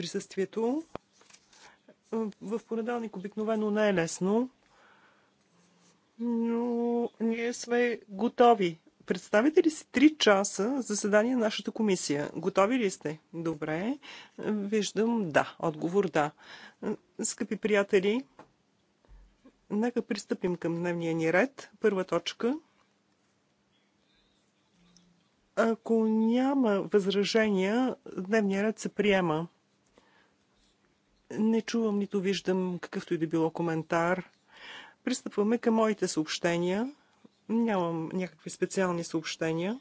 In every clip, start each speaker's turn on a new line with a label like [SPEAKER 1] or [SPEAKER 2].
[SPEAKER 1] присъствието. В понеделник обикновено не е лесно, но ние сме готови. Представите ли си три часа заседание на нашата комисия? Готови ли сте? Добре. Виждам да. Отговор да. Скъпи приятели, нека пристъпим към дневния ни ред. Първа точка. Ако няма възражения, дневния ред се приема. Не чувам нито виждам какъвто и да било коментар. Пристъпваме към моите съобщения. Нямам някакви специални съобщения.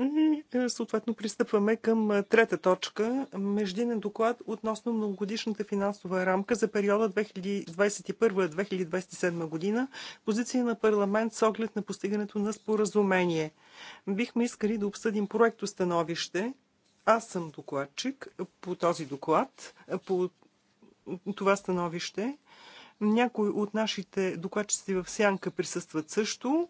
[SPEAKER 1] И е, съответно пристъпваме към е, трета точка междинен доклад относно многогодишната финансова рамка за периода 2021-2027 година, позиция на парламент с оглед на постигането на споразумение. Бихме искали да обсъдим проекто становище, аз съм докладчик по този доклад, по това становище. Някои от нашите докладчици в Сянка присъстват също.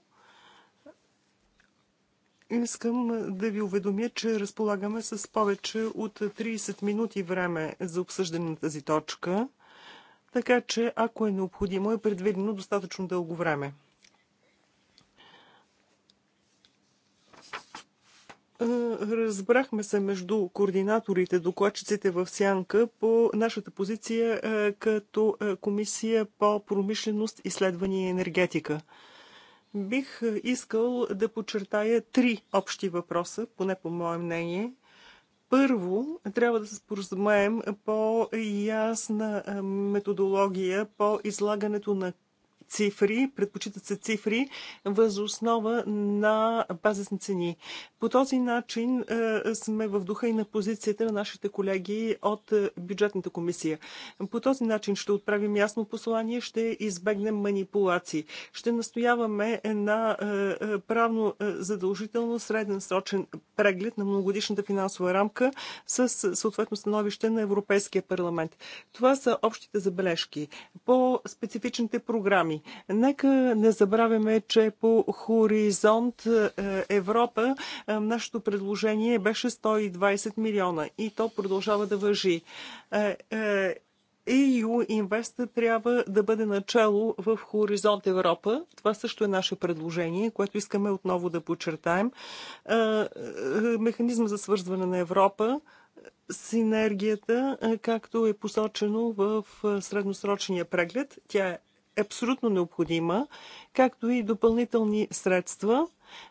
[SPEAKER 1] Искам да ви уведомя, че разполагаме с повече от 30 минути време за обсъждане на тази точка, така че ако е необходимо е предвидено достатъчно дълго време. Разбрахме се между координаторите, докладчиците в Сянка по нашата позиция е, като е, комисия по промишленост, изследвания и енергетика. Бих е, искал да подчертая три общи въпроса, поне по мое мнение. Първо, трябва да се споразумеем по ясна методология по излагането на цифри, предпочитат се цифри въз основа на базисни цени. По този начин е, сме в духа и на позицията на нашите колеги от е, бюджетната комисия. По този начин ще отправим ясно послание, ще избегнем манипулации. Ще настояваме на е, правно задължително среден, срочен преглед на многогодишната финансова рамка с съответно становище на Европейския парламент. Това са общите забележки по специфичните програми програми. Нека не забравяме, че по Хоризонт е, Европа е, нашето предложение беше 120 милиона и то продължава да въжи. EU е, Invest трябва да бъде начало в Хоризонт Европа. Това също е наше предложение, което искаме отново да подчертаем. Механизма за свързване на Европа, синергията, както е посочено в средносрочния преглед, тя е абсолютно необходима, както и допълнителни средства,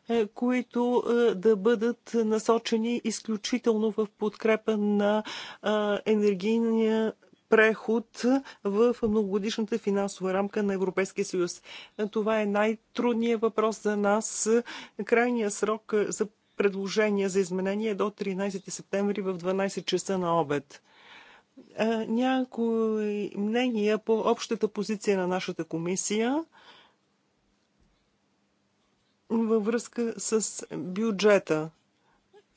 [SPEAKER 1] е, които е, да бъдат насочени изключително в подкрепа на е, енергийния преход в многогодишната финансова рамка на Европейския съюз. Това е най-трудният въпрос за нас. Крайният срок за предложения за изменение е до 13 септември в 12 часа на обед. Е, някои мнения по общата позиция на нашата комисия във връзка с бюджета.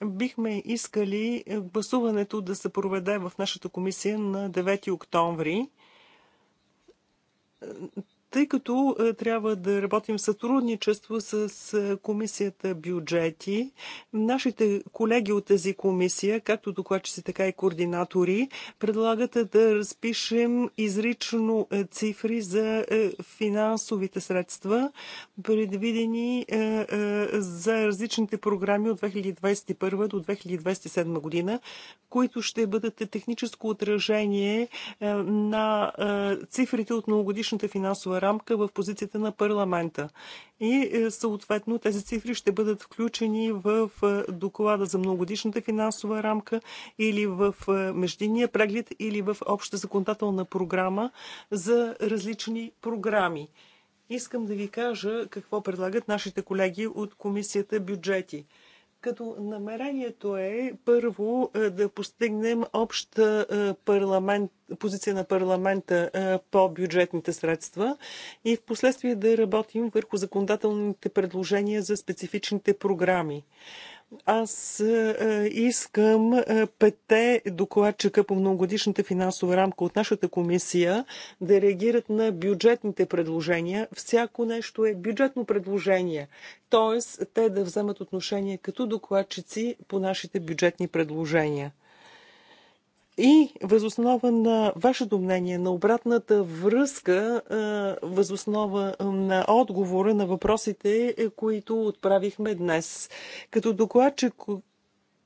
[SPEAKER 1] Бихме искали гласуването да се проведе в нашата комисия на 9 октомври тъй като е, трябва да работим в сътрудничество с е, комисията бюджети. Нашите колеги от тази комисия, както докладчици, така и координатори, предлагат да разпишем изрично е, цифри за финансовите средства, предвидени за различните програми от 2021 до 2027 година, които ще бъдат техническо отражение на цифрите от многогодишната финансова работа рамка в позицията на парламента. И е, съответно тези цифри ще бъдат включени в е, доклада за многодишната финансова рамка или в е, междинния преглед или в обща законодателна програма за различни програми. Искам да ви кажа какво предлагат нашите колеги от комисията бюджети като намерението е първо е, да постигнем обща е, парламент, позиция на парламента е, по бюджетните средства и в последствие да работим върху законодателните предложения за специфичните програми. Аз е, е, искам е, пете докладчика по многогодишната финансова рамка от нашата комисия да реагират на бюджетните предложения. Всяко нещо е бюджетно предложение. Тоест, те да вземат отношение като докладчици по нашите бюджетни предложения. И възоснова на вашето мнение, на обратната връзка, възоснова на отговора на въпросите, е, които отправихме днес. Като докладчик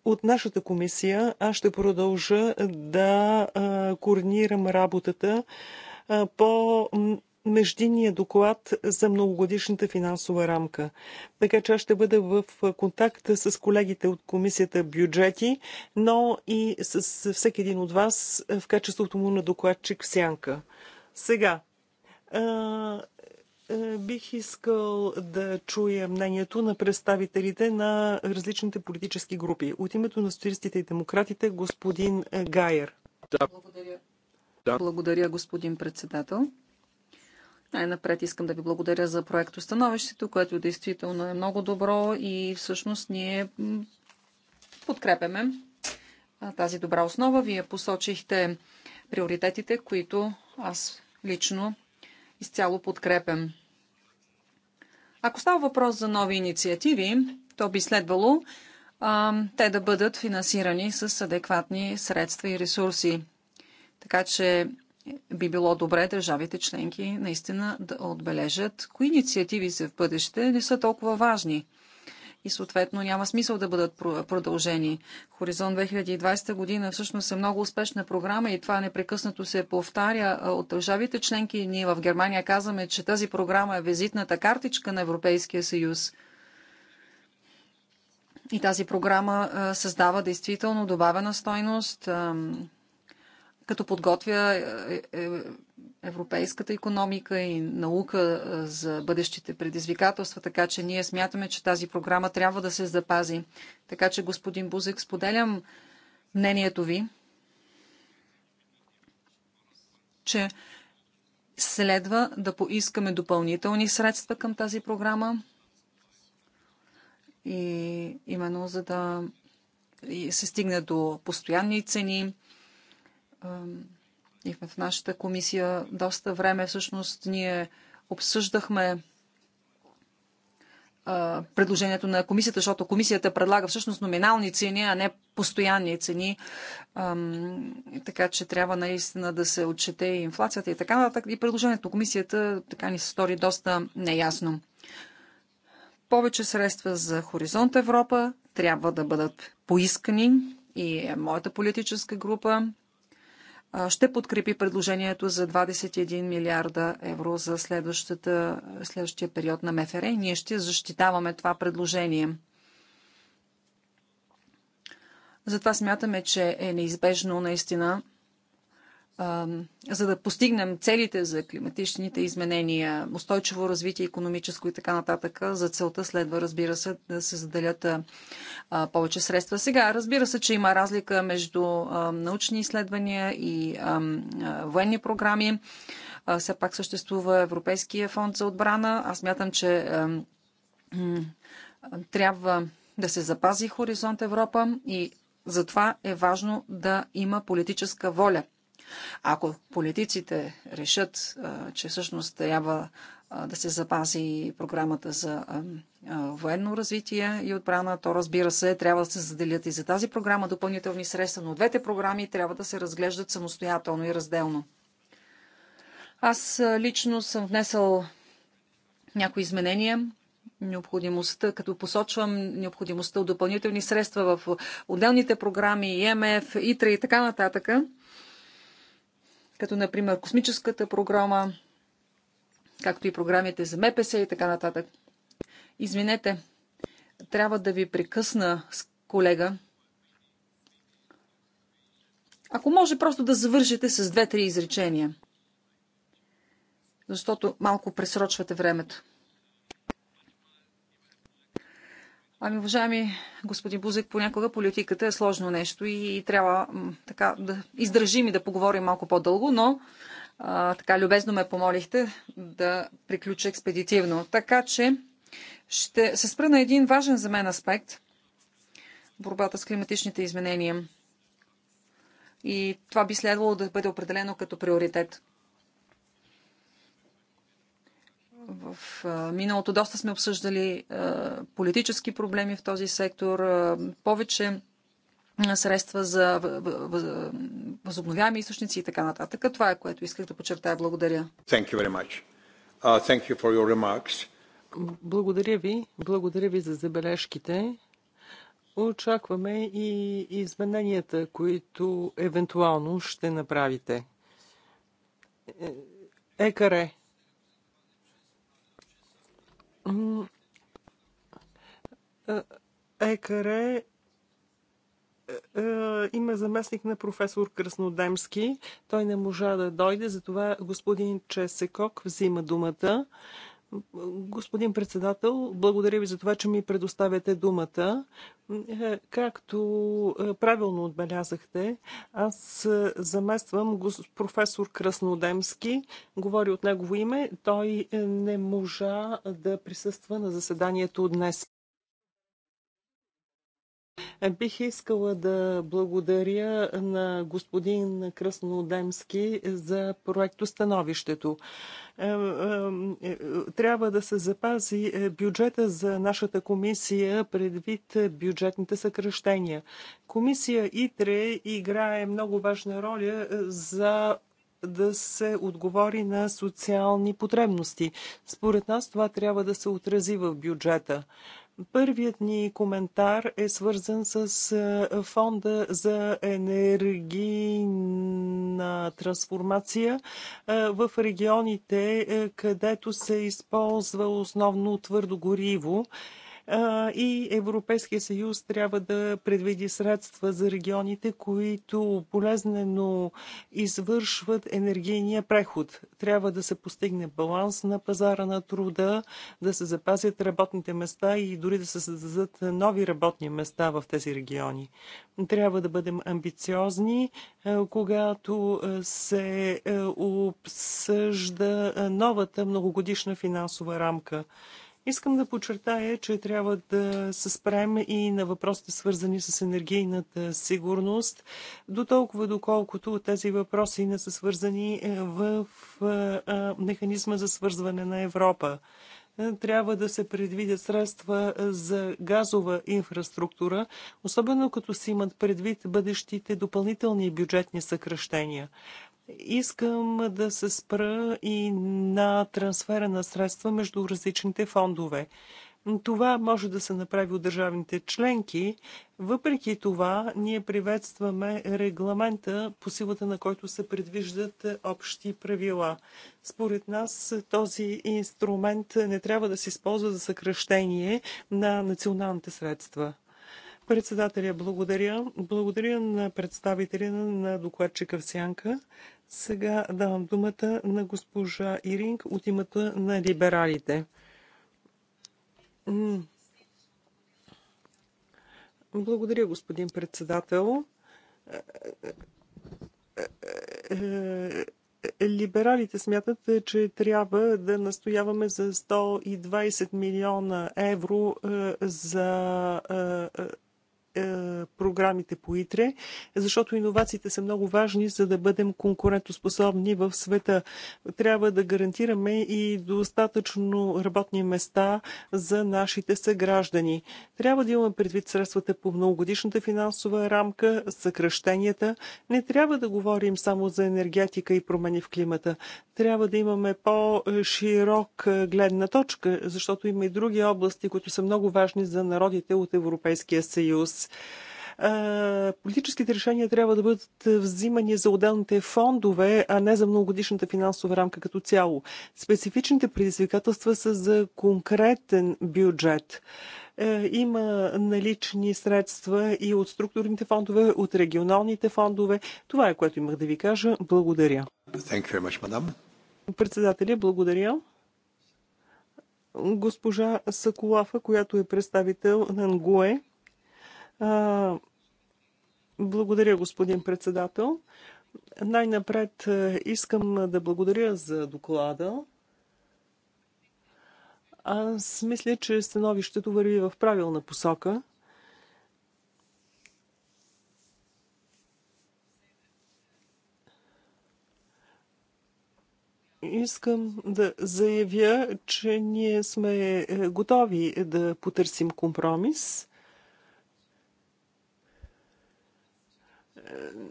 [SPEAKER 1] от нашата комисия аз ще продължа да координирам работата по междинния доклад за многогодишната финансова рамка. Така че аз ще бъда в контакт с колегите от комисията бюджети, но и с всеки един от вас в качеството му на докладчик в сянка. Сега, бих искал да чуя мнението на представителите на различните политически групи. От името на социалистите и демократите, господин Гайер. Да. Благодаря. Да. Благодаря, господин председател. Най-напред
[SPEAKER 2] искам да ви благодаря за проекто становището, което действително е много добро и всъщност ние подкрепяме тази добра основа. Вие посочихте приоритетите, които аз лично изцяло подкрепям. Ако става въпрос за нови инициативи, то би следвало а, те да бъдат финансирани с адекватни средства и ресурси. Така че би било добре държавите членки наистина да отбележат кои инициативи за в бъдеще не са толкова важни и съответно няма смисъл да бъдат продължени. Хоризонт 2020 година всъщност е много успешна програма и това непрекъснато се повтаря от държавите членки. Ние в Германия казваме, че тази програма е визитната картичка на Европейския съюз. И тази програма създава действително добавена стойност, като подготвя е, е, е, европейската економика и наука за бъдещите предизвикателства, така че ние смятаме, че тази програма трябва да се запази. Така че, господин Бузек, споделям мнението ви, че следва да поискаме допълнителни средства към тази програма и именно за да се стигне до постоянни цени, и в нашата комисия доста време всъщност ние обсъждахме предложението на комисията, защото комисията предлага всъщност номинални цени, а не постоянни цени. така че трябва наистина да се отчете и инфлацията и така нататък. И предложението на комисията така ни се стори доста неясно. Повече средства за Хоризонт Европа трябва да бъдат поискани и е моята политическа група ще подкрепи предложението за 21 милиарда евро за следващия период на МФР и ние ще защитаваме това предложение. Затова смятаме, че е неизбежно наистина за да постигнем целите за климатичните изменения, устойчиво развитие, економическо и така нататък, за целта следва, разбира се, да се заделят повече средства. Сега, разбира се, че има разлика между научни изследвания и военни програми. Все пак съществува Европейския фонд за отбрана. Аз мятам, че трябва да се запази Хоризонт Европа и затова е важно да има политическа воля ако политиците решат, че всъщност трябва да се запази програмата за военно развитие и отбрана, то разбира се, трябва да се заделят и за тази програма допълнителни средства, но двете програми трябва да се разглеждат самостоятелно и разделно. Аз лично съм внесъл някои изменения необходимостта, като посочвам необходимостта от допълнителни средства в отделните програми, ИМФ, ИТРА и така нататък като например космическата програма, както и програмите за МПС и така нататък. Извинете, трябва да ви прекъсна с колега. Ако може просто да завършите с две-три изречения, защото малко пресрочвате времето. Ами, уважаеми господин Бузек, понякога политиката е сложно нещо и трябва така да издържим и да поговорим малко по-дълго, но а, така любезно ме помолихте да приключа експедитивно. Така че ще се спра на един важен за мен аспект борбата с климатичните изменения. И това би следвало да бъде определено като приоритет. В миналото доста сме обсъждали политически проблеми в този сектор, повече средства за възобновяеми източници и така нататък. Това е което исках да подчертая. Благодаря.
[SPEAKER 3] Thank you very much. Uh, thank you for your remarks.
[SPEAKER 1] Благодаря ви. Благодаря ви за забележките. Очакваме и измененията, които евентуално ще направите. Е, е, Екаре, Екаре е, е, има заместник на професор Краснодемски. Той не можа да дойде, затова господин Чесекок взима думата. Господин председател, благодаря ви за това, че ми предоставяте думата. Както е, правилно отбелязахте, аз е, замествам професор Краснодемски. Говори от негово име. Той е, не можа да присъства на заседанието днес. Бих искала да благодаря на господин Кръснодемски за проектостановището. Е, е, е, трябва да се запази бюджета за нашата комисия предвид бюджетните съкръщения. Комисия ИТРЕ играе много важна роля за да се отговори на социални потребности. Според нас това трябва да се отрази в бюджета. Първият ни коментар е свързан с е, фонда за енергийна трансформация е, в регионите, е, където се използва основно твърдо гориво и Европейския съюз трябва да предвиди средства за регионите, които полезнено извършват енергийния преход. Трябва да се постигне баланс на пазара на труда, да се запазят работните места и дори да се създадат нови работни места в тези региони. Трябва да бъдем амбициозни, когато се обсъжда новата многогодишна финансова рамка. Искам да подчертая, че трябва да се спрем и на въпросите свързани с енергийната сигурност, до толкова доколкото тези въпроси не са свързани е, в е, е, механизма за свързване на Европа трябва да се предвидят средства за газова инфраструктура, особено като си имат предвид бъдещите допълнителни бюджетни съкръщения. Искам да се спра и на трансфера на средства между различните фондове. Това може да се направи от държавните членки. Въпреки това, ние приветстваме регламента, по силата на който се предвиждат общи правила. Според нас този инструмент не трябва да се използва за съкръщение на националните средства. Председателя, благодаря. Благодаря на представителя на докладчика в Сянка. Сега давам думата на госпожа Иринг от името на либералите. Благодаря, господин председател. Либералите смятат, че трябва да настояваме за 120 милиона евро е, за е, е, програмите по ИТРЕ, защото иновациите са много важни, за да бъдем конкурентоспособни в света. Трябва да гарантираме и достатъчно работни места за нашите съграждани. Трябва да имаме предвид средствата по многогодишната финансова рамка, съкръщенията. Не трябва да говорим само за енергетика и промени в климата. Трябва да имаме по-широк е, гледна точка, защото има и други области, които са много важни за народите от Европейския съюз. Политическите решения трябва да бъдат взимани за отделните фондове, а не за многогодишната финансова рамка като цяло. Специфичните предизвикателства са за конкретен бюджет е, има налични средства и от структурните фондове, от регионалните фондове. Това е което имах да ви кажа. Благодаря.
[SPEAKER 3] Much,
[SPEAKER 1] Председателя, благодаря. Госпожа Сакулафа, която е представител на НГУЕ. Благодаря, господин председател. Най-напред е, искам да благодаря за доклада. Аз мисля, че становището върви в правилна посока. Искам да заявя, че ние сме е, готови да потърсим компромис.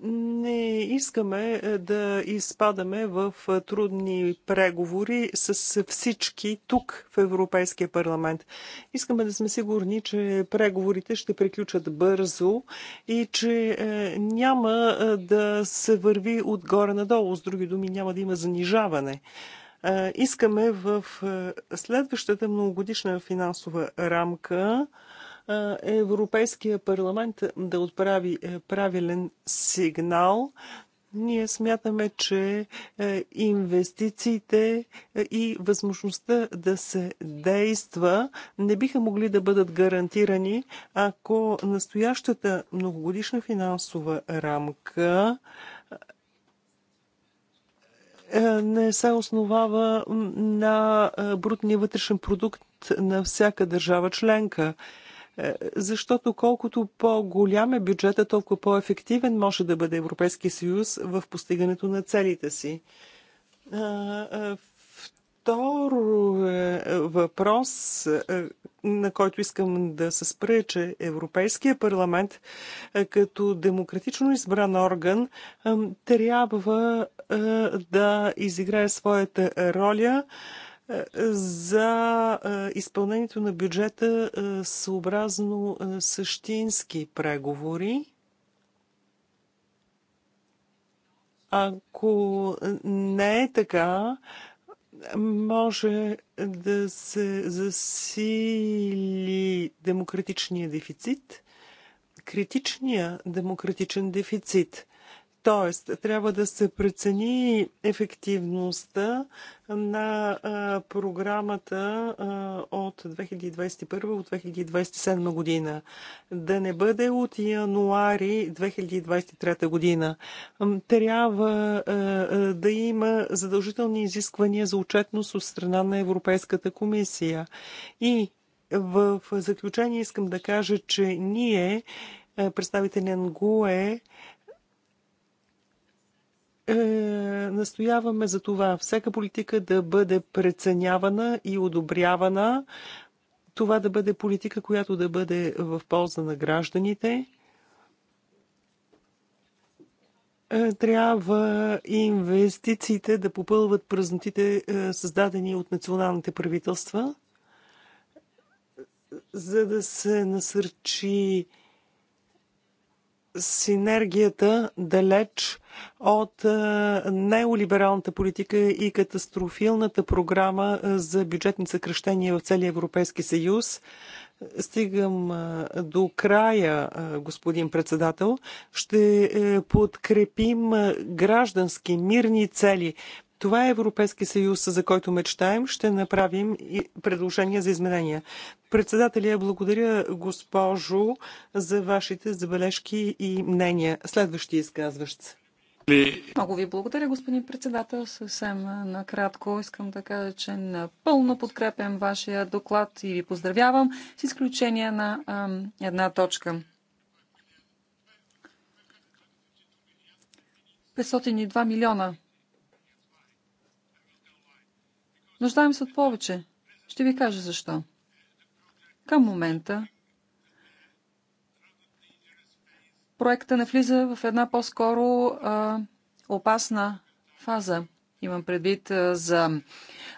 [SPEAKER 1] не искаме е, да изпадаме в е, трудни преговори с всички тук в Европейския парламент. Искаме да сме сигурни, че преговорите ще приключат бързо и че е, няма да се върви отгоре надолу. С други думи, няма да има занижаване. Искаме в следващата многогодишна финансова рамка Европейския парламент да отправи е, правилен сигнал. Ние смятаме, че е, инвестициите е, и възможността да се действа не биха могли да бъдат гарантирани, ако настоящата многогодишна финансова рамка не се основава на брутния вътрешен продукт на всяка държава членка. Е, защото колкото по-голям е бюджета, толкова по-ефективен може да бъде Европейския съюз в постигането на целите си. Е, е, второ въпрос, на който искам да се спра, че Европейския парламент като демократично избран орган трябва да изиграе своята роля за изпълнението на бюджета съобразно същински преговори. Ако не е така, може да се засили демократичния дефицит, критичния демократичен дефицит. Тоест, трябва да се прецени ефективността на програмата от 2021 от 2027 година. Да не бъде от януари 2023 година. Трябва да има задължителни изисквания за отчетност от страна на Европейската комисия. И в заключение искам да кажа, че ние, представители на е, настояваме за това всяка политика да бъде преценявана и одобрявана, това да бъде политика, която да бъде в полза на гражданите. Е, трябва инвестициите да попълват празнотите, е, създадени от националните правителства, за да се насърчи синергията далеч от е, неолибералната политика и катастрофилната програма е, за бюджетни съкръщения в целия Европейски съюз. Стигам е, до края, господин председател. Ще подкрепим граждански мирни цели. Това е Европейски съюз, за който мечтаем. Ще направим и предложения за изменения. Председателя, благодаря госпожо за вашите забележки и мнения. Следващи изказващ Много
[SPEAKER 2] ви благодаря, господин председател. Съвсем накратко искам да кажа, че напълно подкрепям вашия доклад и ви поздравявам, с изключение на а, една точка. 502 милиона Нуждаем се от повече. Ще ви кажа защо. Към момента проекта влиза в една по-скоро опасна фаза. Имам предвид а, за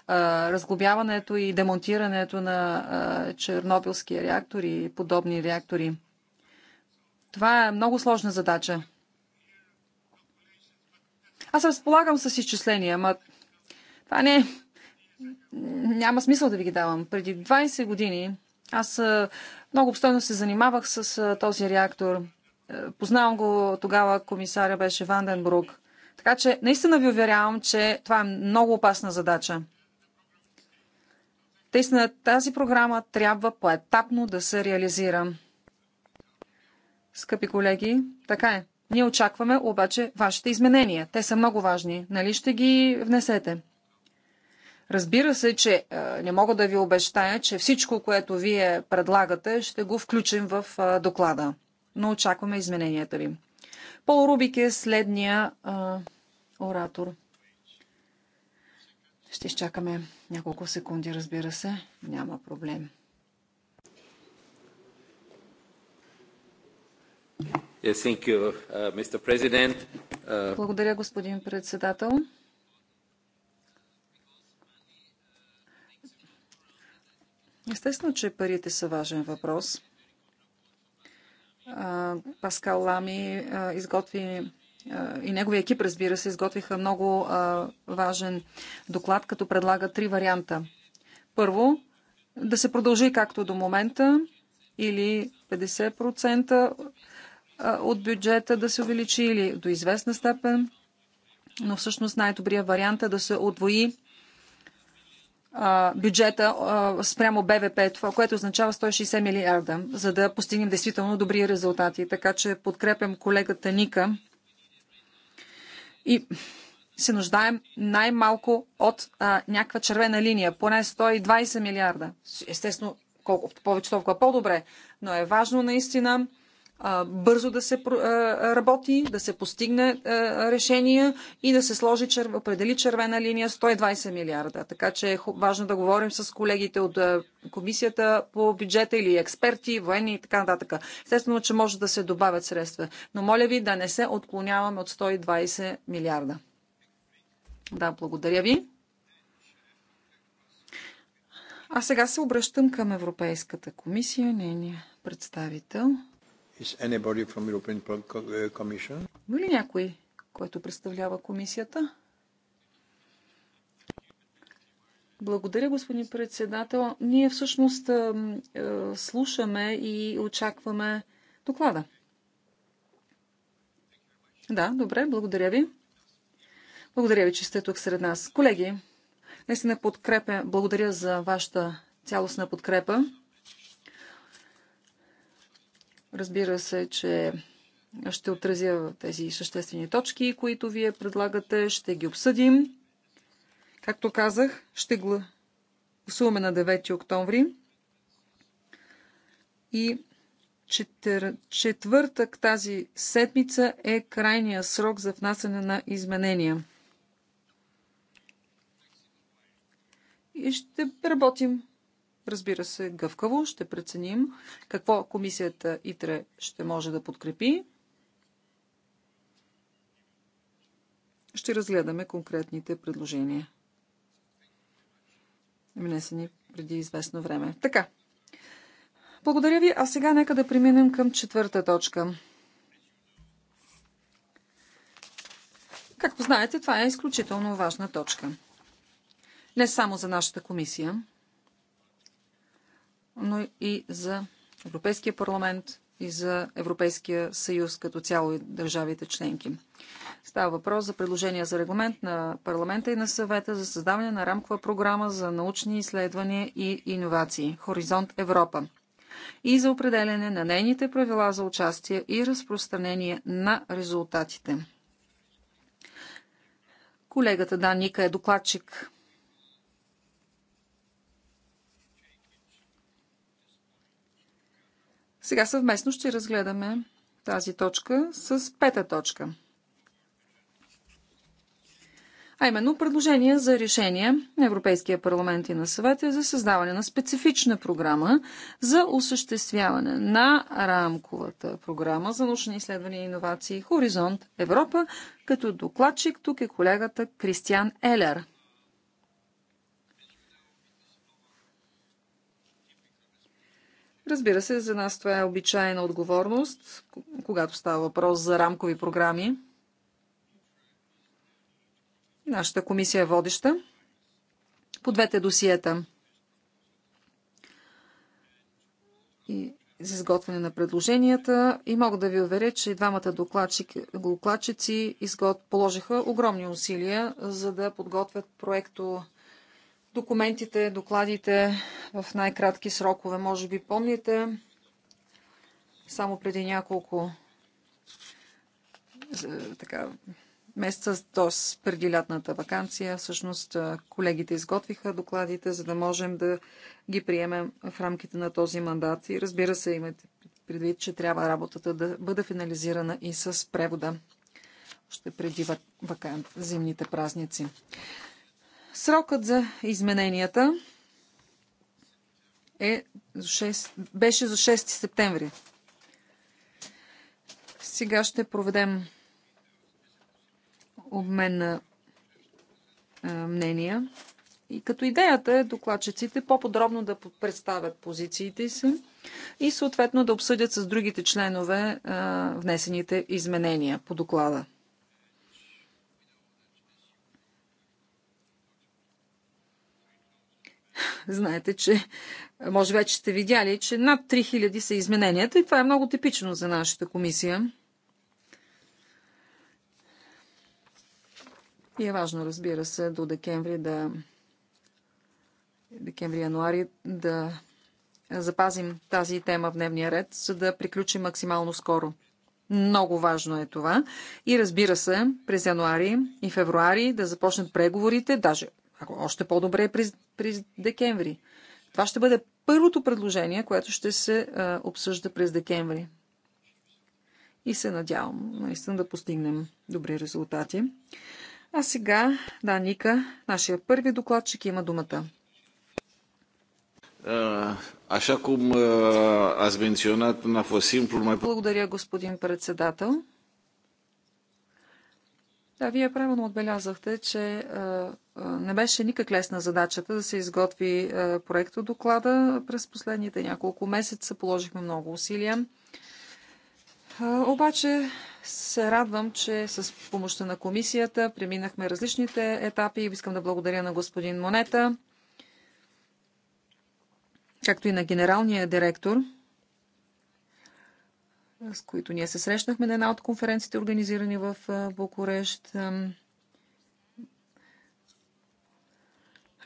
[SPEAKER 2] а, разглобяването и демонтирането на а, чернобилски реактори и подобни реактори. Това е много сложна задача. Аз разполагам с изчисления, ама това не е няма смисъл да ви ги давам. Преди 20 години аз много обстойно се занимавах с този реактор. Е, познавам го тогава, комисаря беше Ванденбрук. Така че наистина ви уверявам, че това е много опасна задача. Наистина тази програма трябва поетапно да се реализира. Скъпи колеги, така е. Ние очакваме обаче вашите изменения. Те са много важни. Нали ще ги внесете? Разбира се, че е, не мога да ви обещая, че всичко, което вие предлагате, ще го включим в е, доклада. Но очакваме измененията ви. Пол Рубик е следния а, е, оратор. Ще изчакаме няколко секунди, разбира се. Няма проблем.
[SPEAKER 3] Uh, uh,
[SPEAKER 2] Благодаря, господин председател. Естествено, че парите са важен въпрос. Паскал Лами изготви и неговия екип, разбира се, изготвиха много важен доклад, като предлага три варианта. Първо, да се продължи както до момента или 50% от бюджета да се увеличи или до известна степен, но всъщност най-добрият вариант е да се отвои бюджета спрямо БВП, това, което означава 160 милиарда, за да постигнем действително добри резултати. Така че подкрепям колегата Ника и се нуждаем най-малко от а, някаква червена линия, поне 120 милиарда. Естествено, колкото повече, толкова по-добре, но е важно наистина бързо да се работи, да се постигне решение и да се сложи, определи червена линия 120 милиарда. Така че е важно да говорим с колегите от комисията по бюджета или експерти, военни и така нататък. Естествено, че може да се добавят средства. Но моля ви да не се отклоняваме от 120 милиарда. Да, благодаря ви. А сега се обръщам към Европейската комисия, нейния представител.
[SPEAKER 3] Uh,
[SPEAKER 2] Има ли някой, който представлява комисията? Благодаря, господин председател. Ние всъщност е, слушаме и очакваме доклада. Да, добре, благодаря ви. Благодаря ви, че сте тук сред нас. Колеги, наистина подкрепя, благодаря за вашата цялостна подкрепа. Разбира се, че ще отразя тези съществени точки, които вие предлагате. Ще ги обсъдим. Както казах, ще гласуваме на 9 октомври. И четвъртък тази седмица е крайния срок за внасяне на изменения. И ще работим разбира се, гъвкаво. Ще преценим какво комисията ИТРЕ ще може да подкрепи. Ще разгледаме конкретните предложения. Внесени преди известно време. Така. Благодаря ви, а сега нека да преминем към четвърта точка. Както знаете, това е изключително важна точка. Не само за нашата комисия, но и за Европейския парламент и за Европейския съюз като цяло и държавите членки. Става въпрос за предложение за регламент на парламента и на съвета за създаване на рамкова програма за научни изследвания и иновации Хоризонт Европа и за определене на нейните правила за участие и разпространение на резултатите. Колегата Даника е докладчик Сега съвместно ще разгледаме тази точка с пета точка. А именно предложение за решение на Европейския парламент и на съвета за създаване на специфична програма за осъществяване на рамковата програма за научни изследвания и иновации Хоризонт Европа, като докладчик тук е колегата Кристиан Елер. Разбира се, за нас това е обичайна отговорност, когато става въпрос за рамкови програми. Нашата комисия е водеща по двете досиета. И за изготвяне на предложенията и мога да ви уверя, че двамата докладчици изгод... положиха огромни усилия, за да подготвят проекто документите, докладите в най-кратки срокове. Може би помните, само преди няколко е, така, месеца, т.е. преди лятната вакансия, всъщност е, колегите изготвиха докладите, за да можем да ги приемем в рамките на този мандат. И разбира се, имате предвид, че трябва работата да бъде финализирана и с превода ще преди вакант, зимните празници. Срокът за измененията е 6, беше за 6 септември. Сега ще проведем обмен на мнения. И като идеята е докладчиците по-подробно да представят позициите си и съответно да обсъдят с другите членове а, внесените изменения по доклада. Знаете, че може вече сте видяли, че над 3000 са измененията и това е много типично за нашата комисия. И е важно, разбира се, до декември да декември-януари да запазим тази тема в дневния ред, за да приключим максимално скоро. Много важно е това. И разбира се, през януари и февруари да започнат преговорите, даже ако още по-добре е през през декември. Това ще бъде първото предложение, което ще се а, обсъжда през декември. И се надявам наистина да постигнем добри резултати. А сега, да, Ника, нашия първи докладчик има думата. Благодаря, господин председател. Да, вие правилно отбелязахте, че е, е, не беше никак лесна задачата да се изготви е, проект от доклада. През последните няколко месеца положихме много усилия. Обаче се радвам, че с помощта на комисията преминахме различните етапи и искам да благодаря на господин Монета, както и на генералния директор – с които ние се срещнахме на една от конференциите, организирани в Букурещ.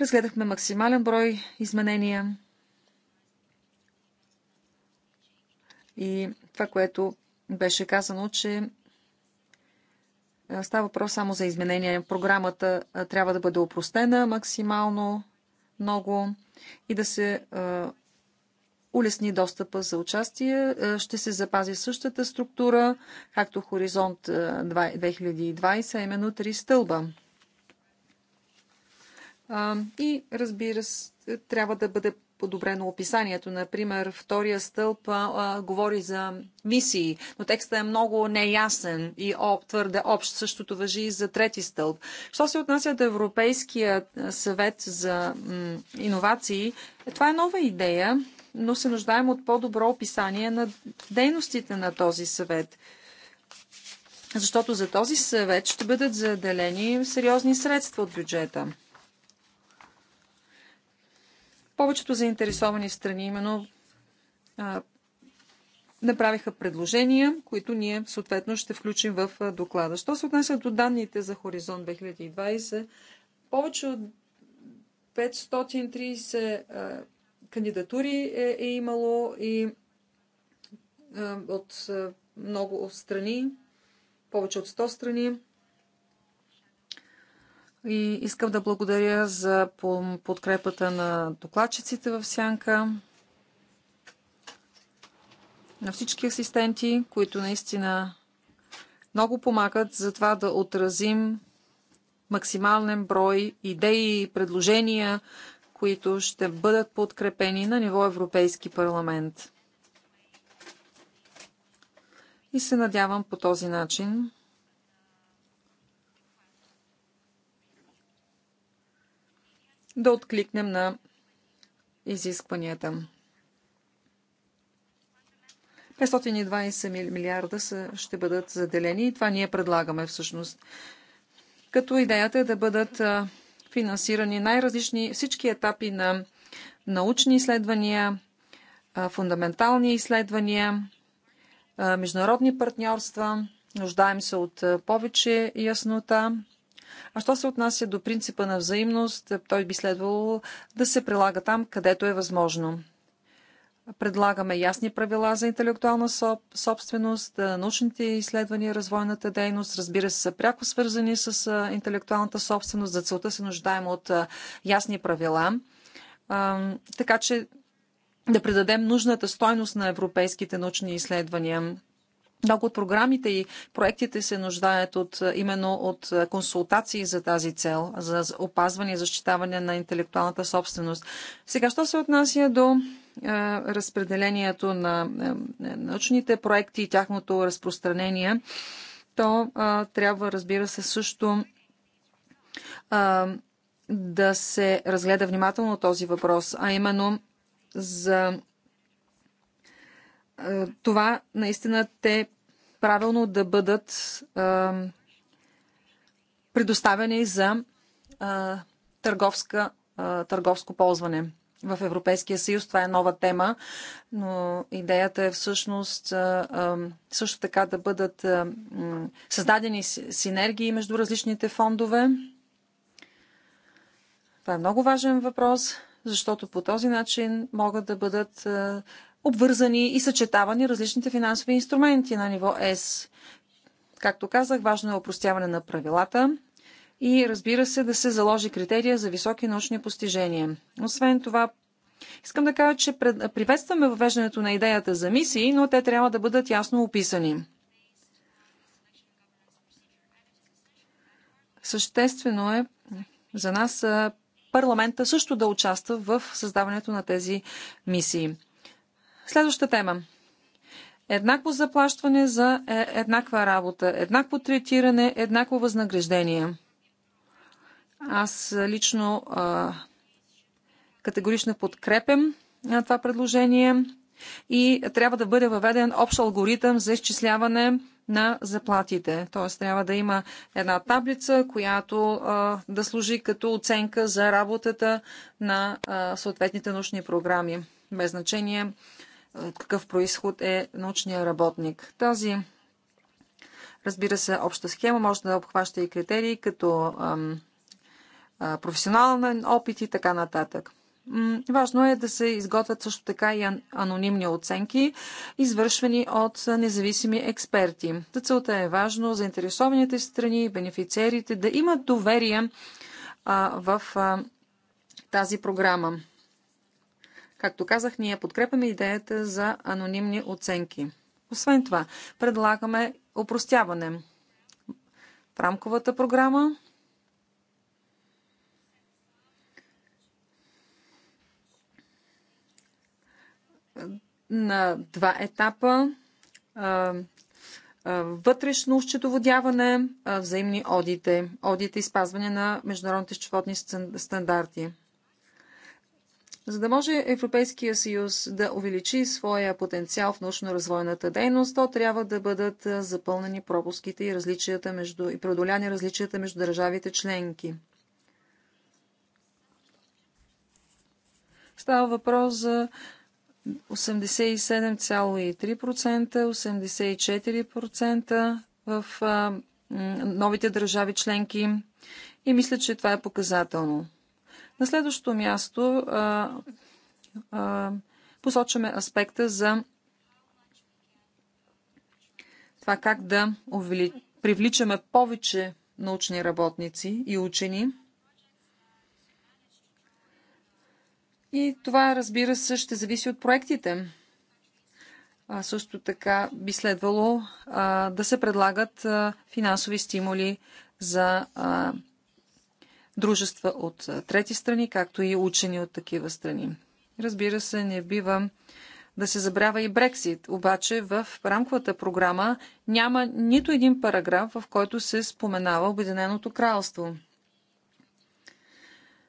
[SPEAKER 2] Разгледахме максимален брой изменения и това, което беше казано, че става въпрос само за изменения. Програмата трябва да бъде опростена максимално много и да се улесни достъпа за участие. Е, ще се запази същата структура, както Хоризонт 2020, е, а именно три стълба. Е, и разбира се, трябва да бъде подобрено описанието. Например, втория стълб а, а, говори за мисии, но текстът е много неясен и об, твърде общ. Същото въжи и за трети стълб. Що се отнася до Европейския съвет за иновации, това е нова идея но се нуждаем от по-добро описание на дейностите на този съвет. Защото за този съвет ще бъдат заделени сериозни средства от бюджета. Повечето заинтересовани страни именно а, направиха предложения, които ние съответно ще включим в доклада. Що се отнася до данните за Хоризонт 2020, повече от 530 кандидатури е, е имало и е, от е, много страни, повече от 100 страни. И искам да благодаря за подкрепата на докладчиците в Сянка, на всички асистенти, които наистина много помагат за това да отразим максимален брой идеи, предложения, които ще бъдат подкрепени на ниво Европейски парламент. И се надявам по този начин да откликнем на изискванията. 520 милиарда са, ще бъдат заделени и това ние предлагаме всъщност. Като идеята е да бъдат финансирани най-различни всички етапи на научни изследвания, фундаментални изследвания, международни партньорства. Нуждаем се от повече яснота. А що се отнася до принципа на взаимност, той би следвало да се прилага там, където е възможно. Предлагаме ясни правила за интелектуална собственост, научните изследвания, развойната дейност, разбира се, са пряко свързани с интелектуалната собственост. За целта се нуждаем от ясни правила. Така че да предадем нужната стойност на европейските научни изследвания. Много от програмите и проектите се нуждаят от, именно от консултации за тази цел, за опазване и защитаване на интелектуалната собственост. Сега, що се отнася до е, разпределението на е, научните проекти и тяхното разпространение, то е, трябва, разбира се, също да се разгледа внимателно този въпрос, а именно за е, това наистина те правилно да бъдат е, предоставени за е, търговска, търговско ползване в Европейския съюз. Това е нова тема, но идеята е всъщност също така да бъдат създадени синергии между различните фондове. Това е много важен въпрос, защото по този начин могат да бъдат обвързани и съчетавани различните финансови инструменти на ниво S. Както казах, важно е опростяване на правилата и разбира се да се заложи критерия за високи научни постижения. Освен това, искам да кажа, че приветстваме въвеждането на идеята за мисии, но те трябва да бъдат ясно описани. Съществено е за нас парламента също да участва в създаването на тези мисии. Следваща тема. Еднакво заплащане за е, еднаква работа, еднакво третиране, еднакво възнаграждение. Аз е, лично а, категорично подкрепям а, това предложение и трябва да бъде въведен общ алгоритъм за изчисляване на заплатите. Т.е. трябва да има една таблица, която а, да служи като оценка за работата на а, съответните научни програми. Без значение какъв происход е научния работник. Тази, разбира се, обща схема може да обхваща и критерии като професионален опит и така нататък. Важно е да се изготвят също така и анонимни оценки, извършвани от независими експерти. За целта е важно заинтересованите страни и бенефициерите да имат доверие в тази програма. Както казах, ние подкрепяме идеята за анонимни оценки. Освен това, предлагаме опростяване в рамковата програма. На два етапа вътрешно счетоводяване, взаимни одите, одите и спазване на международните счетоводни стандарти. За да може Европейския съюз да увеличи своя потенциал в научно-развойната дейност, то трябва да бъдат запълнени пропуските и, различията между, и преодоляни различията между държавите членки. Става въпрос за 87,3%, 84% в новите държави членки и мисля, че това е показателно. На следващото място а, а, посочваме аспекта за това как да увели... привличаме повече научни работници и учени. И това, разбира се, ще зависи от проектите. А също така би следвало а, да се предлагат а, финансови стимули за а, дружества от трети страни, както и учени от такива страни. Разбира се, не бива да се забравя и Брексит, обаче в рамковата програма няма нито един параграф, в който се споменава Обединеното кралство.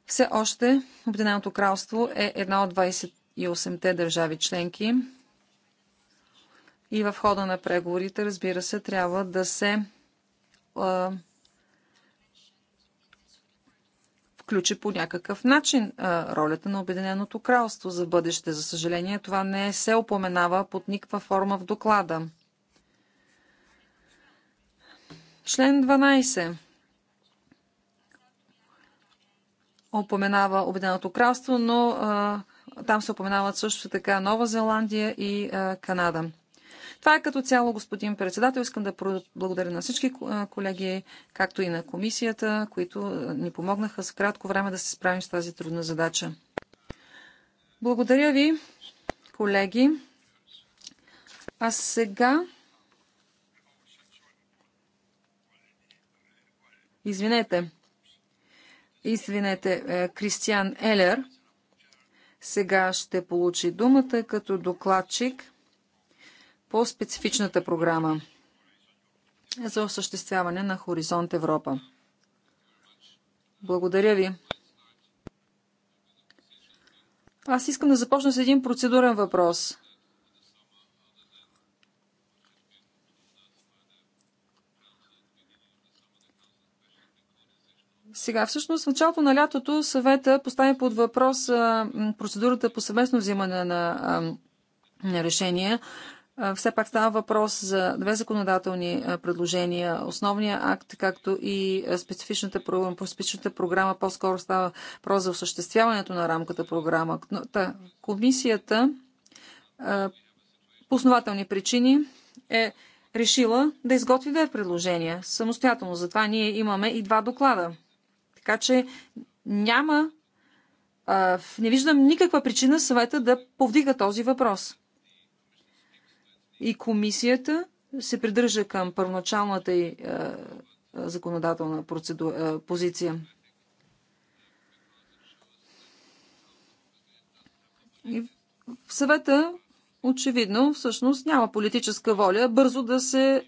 [SPEAKER 2] Все още Обединеното кралство е една от 28-те държави членки и в хода на преговорите, разбира се, трябва да се включи по някакъв начин а, ролята на Обединеното кралство за бъдеще. За съжаление, това не се опоменава под никаква форма в доклада. Член 12 опоменава Обединеното кралство, но а, там се опоменават също така Нова Зеландия и а, Канада. Това е като цяло, господин председател. Искам да благодаря на всички колеги, както и на комисията, които ни помогнаха с кратко време да се справим с тази трудна задача. Благодаря ви, колеги. А сега. Извинете. Извинете, е, Кристиан Елер сега ще получи думата като докладчик по специфичната програма за осъществяване на Хоризонт Европа. Благодаря ви. Аз искам да започна с един процедурен въпрос. Сега, всъщност, в началото на лятото съвета постави под въпрос процедурата по съвместно взимане на решения все пак става въпрос за две законодателни предложения. Основния акт, както и специфичната, по специфичната програма, по-скоро става въпрос за осъществяването на рамката програма. Та, комисията по основателни причини е решила да изготви две предложения самостоятелно. Затова ние имаме и два доклада. Така че няма. Не виждам никаква причина съвета да повдига този въпрос и комисията се придържа към първоначалната и е, е, законодателна процеду... Е, позиция. И в съвета очевидно всъщност няма политическа воля бързо да се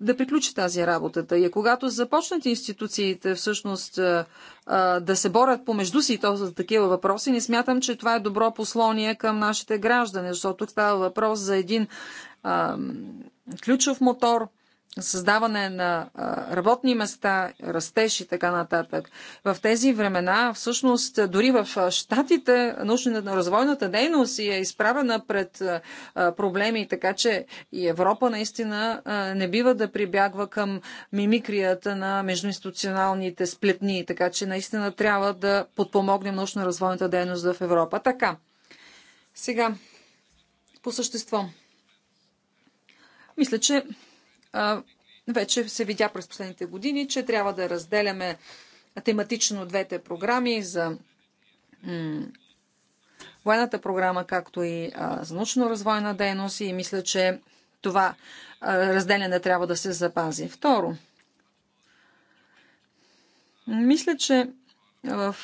[SPEAKER 2] да приключи тази работата. И когато започнат институциите всъщност да се борят помежду си то за такива въпроси, не смятам, че това е добро послание към нашите граждани, защото тук става въпрос за един ключов мотор създаване на работни места, растеж и така нататък. В тези времена, всъщност, дори в Штатите, научно-развойната дейност е изправена пред проблеми, така че и Европа наистина не бива да прибягва към мимикрията на междуинституционалните сплетни, така че наистина трябва да подпомогнем научно-развойната дейност в Европа. Така, сега, по същество. Мисля, че вече се видя през последните години, че трябва да разделяме тематично двете програми за военната програма, както и за научно-развойна дейност и мисля, че това разделяне трябва да се запази. Второ, мисля, че в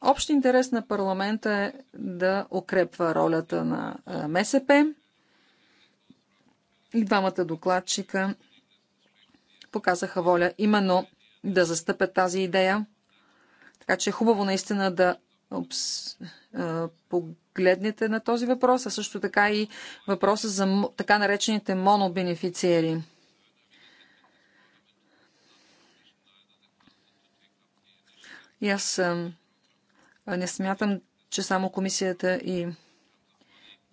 [SPEAKER 2] общ интерес на парламента е да укрепва ролята на МСП и двамата докладчика показаха воля именно да застъпят тази идея. Така че е хубаво наистина да обс... погледнете на този въпрос, а също така и въпроса за така наречените монобенефициери. И аз не смятам, че само комисията и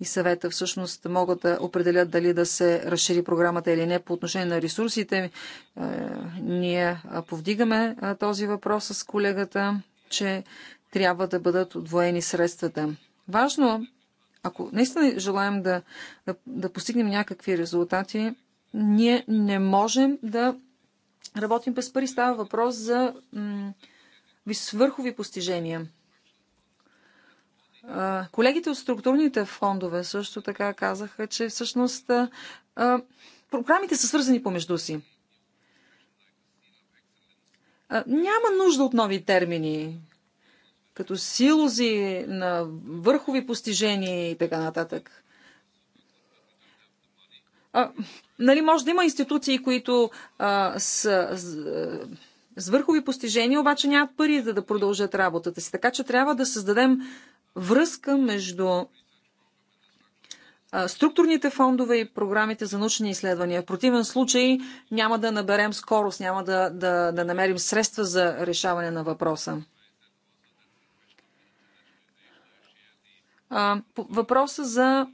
[SPEAKER 2] и съвета всъщност могат да определят дали да се разшири програмата или не по отношение на ресурсите. Е, ние повдигаме този въпрос с колегата, че трябва да бъдат отвоени средствата. Важно, ако наистина желаем да, да, да постигнем някакви резултати, ние не можем да работим без пари. Става въпрос за м- свърхови постижения. Колегите от структурните фондове също така казаха, че всъщност програмите са свързани помежду си. Няма нужда от нови термини, като силози на върхови постижения и така нататък. А, нали, може да има институции, които а, са с, с върхови постижения, обаче нямат пари за да продължат работата си. Така че трябва да създадем връзка между структурните фондове и програмите за научни изследвания. В противен случай няма да наберем скорост, няма да, да, да намерим средства за решаване на въпроса. Въпросът за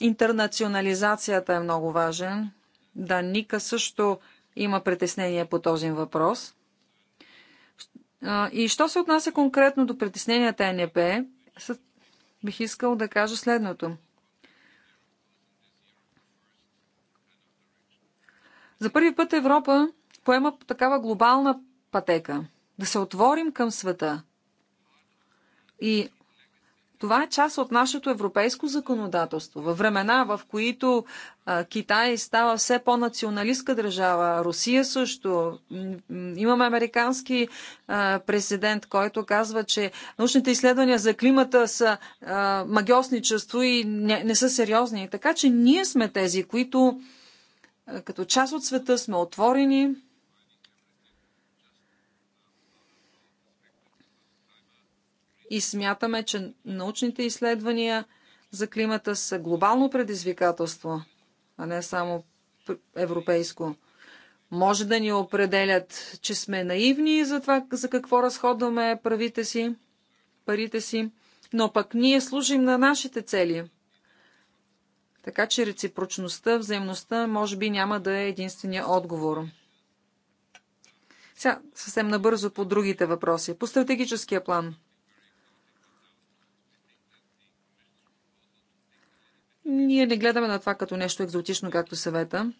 [SPEAKER 2] интернационализацията е много важен. Да, Ника също има притеснение по този въпрос. И що се отнася конкретно до притесненията НП, бих искал да кажа следното. За първи път Европа поема такава глобална пътека. Да се отворим към света. И това е част от нашето европейско законодателство. Във времена, в които а, Китай става все по-националистка държава, Русия също, имаме американски а, президент, който казва, че научните изследвания за климата са а, магиосничество и не, не са сериозни. Така че ние сме тези, които а, като част от света сме отворени, и смятаме, че научните изследвания за климата са глобално предизвикателство, а не само европейско. Може да ни определят, че сме наивни за това, за какво разходваме правите си, парите си, но пък ние служим на нашите цели. Така че реципрочността, взаимността, може би няма да е единствения отговор. Сега съвсем набързо по другите въпроси. По стратегическия план – Ние не гледаме на това като нещо екзотично, както съвета.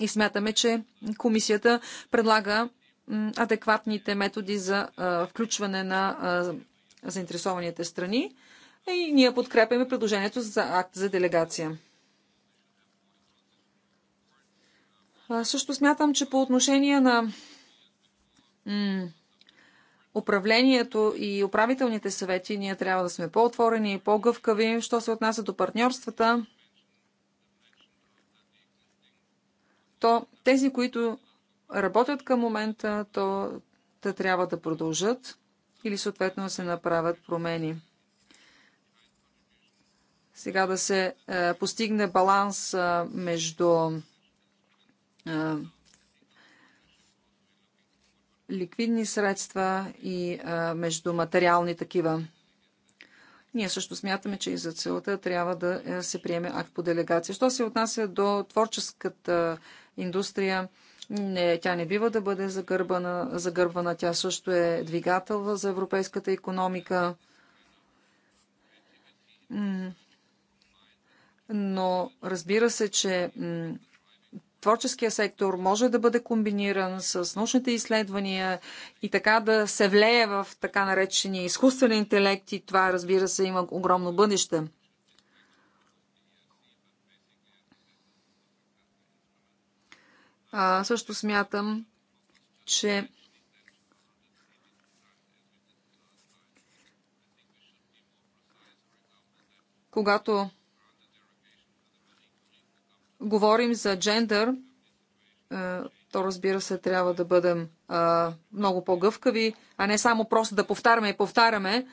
[SPEAKER 2] И смятаме, че комисията предлага адекватните методи за включване на заинтересованите страни. И ние подкрепяме предложението за акт за делегация. Също смятам, че по отношение на управлението и управителните съвети ние трябва да сме по-отворени и по-гъвкави, що се отнася до партньорствата. То тези, които работят към момента, то те трябва да продължат или съответно се направят промени. Сега да се е, постигне баланс е, между е, ликвидни средства и между материални такива. Ние също смятаме, че и за целта трябва да е, се приеме акт по делегация. Що се отнася до творческата индустрия, не, тя не бива да бъде загърбана, загърбана. Тя също е двигател за европейската економика. Но разбира се, че творческия сектор може да бъде комбиниран с научните изследвания и така да се влее в така наречения изкуствен интелект и това, разбира се, има огромно бъдеще. А, също смятам, че когато говорим за джендър, е, то разбира се, трябва да бъдем а, е, много по-гъвкави, а не само просто да повтаряме и повтаряме.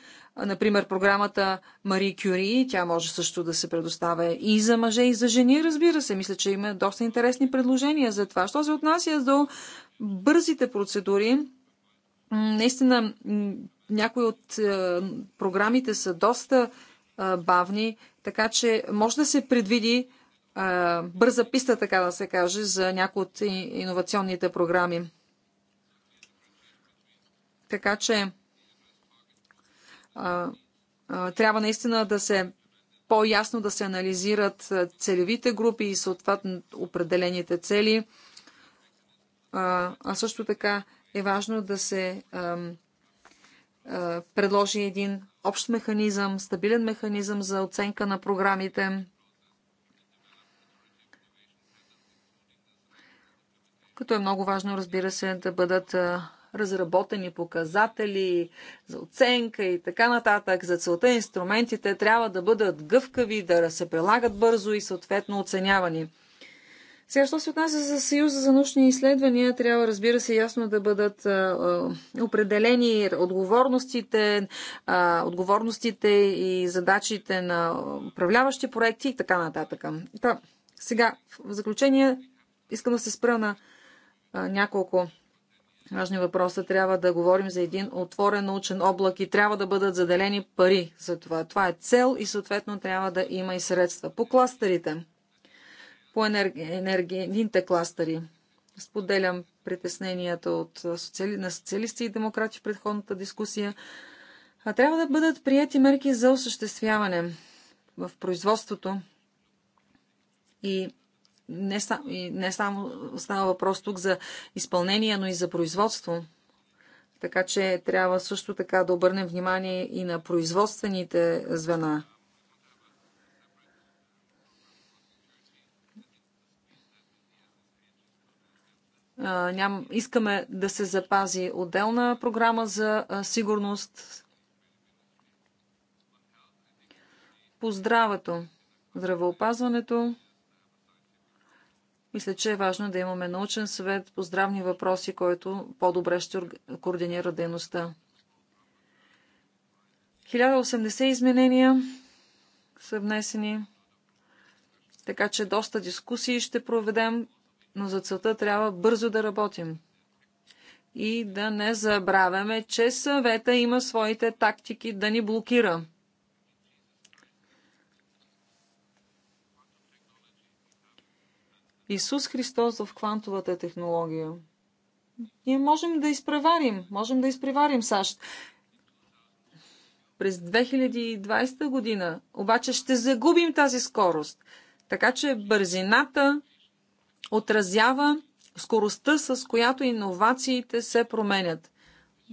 [SPEAKER 2] например, програмата Мари Кюри, тя може също да се предоставя и за мъже, и за жени, разбира се. Мисля, че има доста интересни предложения за това. Що се отнася до бързите процедури, наистина някои от а, е, програмите са доста а, бавни, така че може да се предвиди бърза писта, така да се каже, за някои от иновационните програми. Така че трябва наистина да се по-ясно да се анализират целевите групи и съответно определените цели. А, също така е важно да се предложи един общ механизъм, стабилен механизъм за оценка на програмите. като е много важно, разбира се, да бъдат разработени показатели за оценка и така нататък. За целта инструментите трябва да бъдат гъвкави, да се прилагат бързо и съответно оценявани. Сега, що се отнася за Съюза за научни изследвания, трябва, разбира се, ясно да бъдат а, определени отговорностите, а, отговорностите и задачите на управляващи проекти и така нататък. Та, сега, в заключение, искам да се спра на няколко важни въпроса. Трябва да говорим за един отворен научен облак и трябва да бъдат заделени пари за това. Това е цел и съответно трябва да има и средства. По кластерите, по енергийните кластери, споделям притесненията от социали... на социалисти и демократи в предходната дискусия. А трябва да бъдат прияти мерки за осъществяване в производството и не, сам, не само става въпрос тук за изпълнение, но и за производство. Така че трябва също така да обърнем внимание и на производствените звена. Ням, искаме да се запази отделна програма за сигурност по здравето, здравеопазването. Мисля, че е важно да имаме научен съвет по здравни въпроси, който по-добре ще координира дейността. 1080 изменения са внесени, така че доста дискусии ще проведем, но за целта трябва бързо да работим. И да не забравяме, че съвета има своите тактики да ни блокира – Исус Христос в квантовата технология. Ние можем да изпреварим, можем да изпреварим САЩ. През 2020 година обаче ще загубим тази скорост. Така че бързината отразява скоростта, с която иновациите се променят.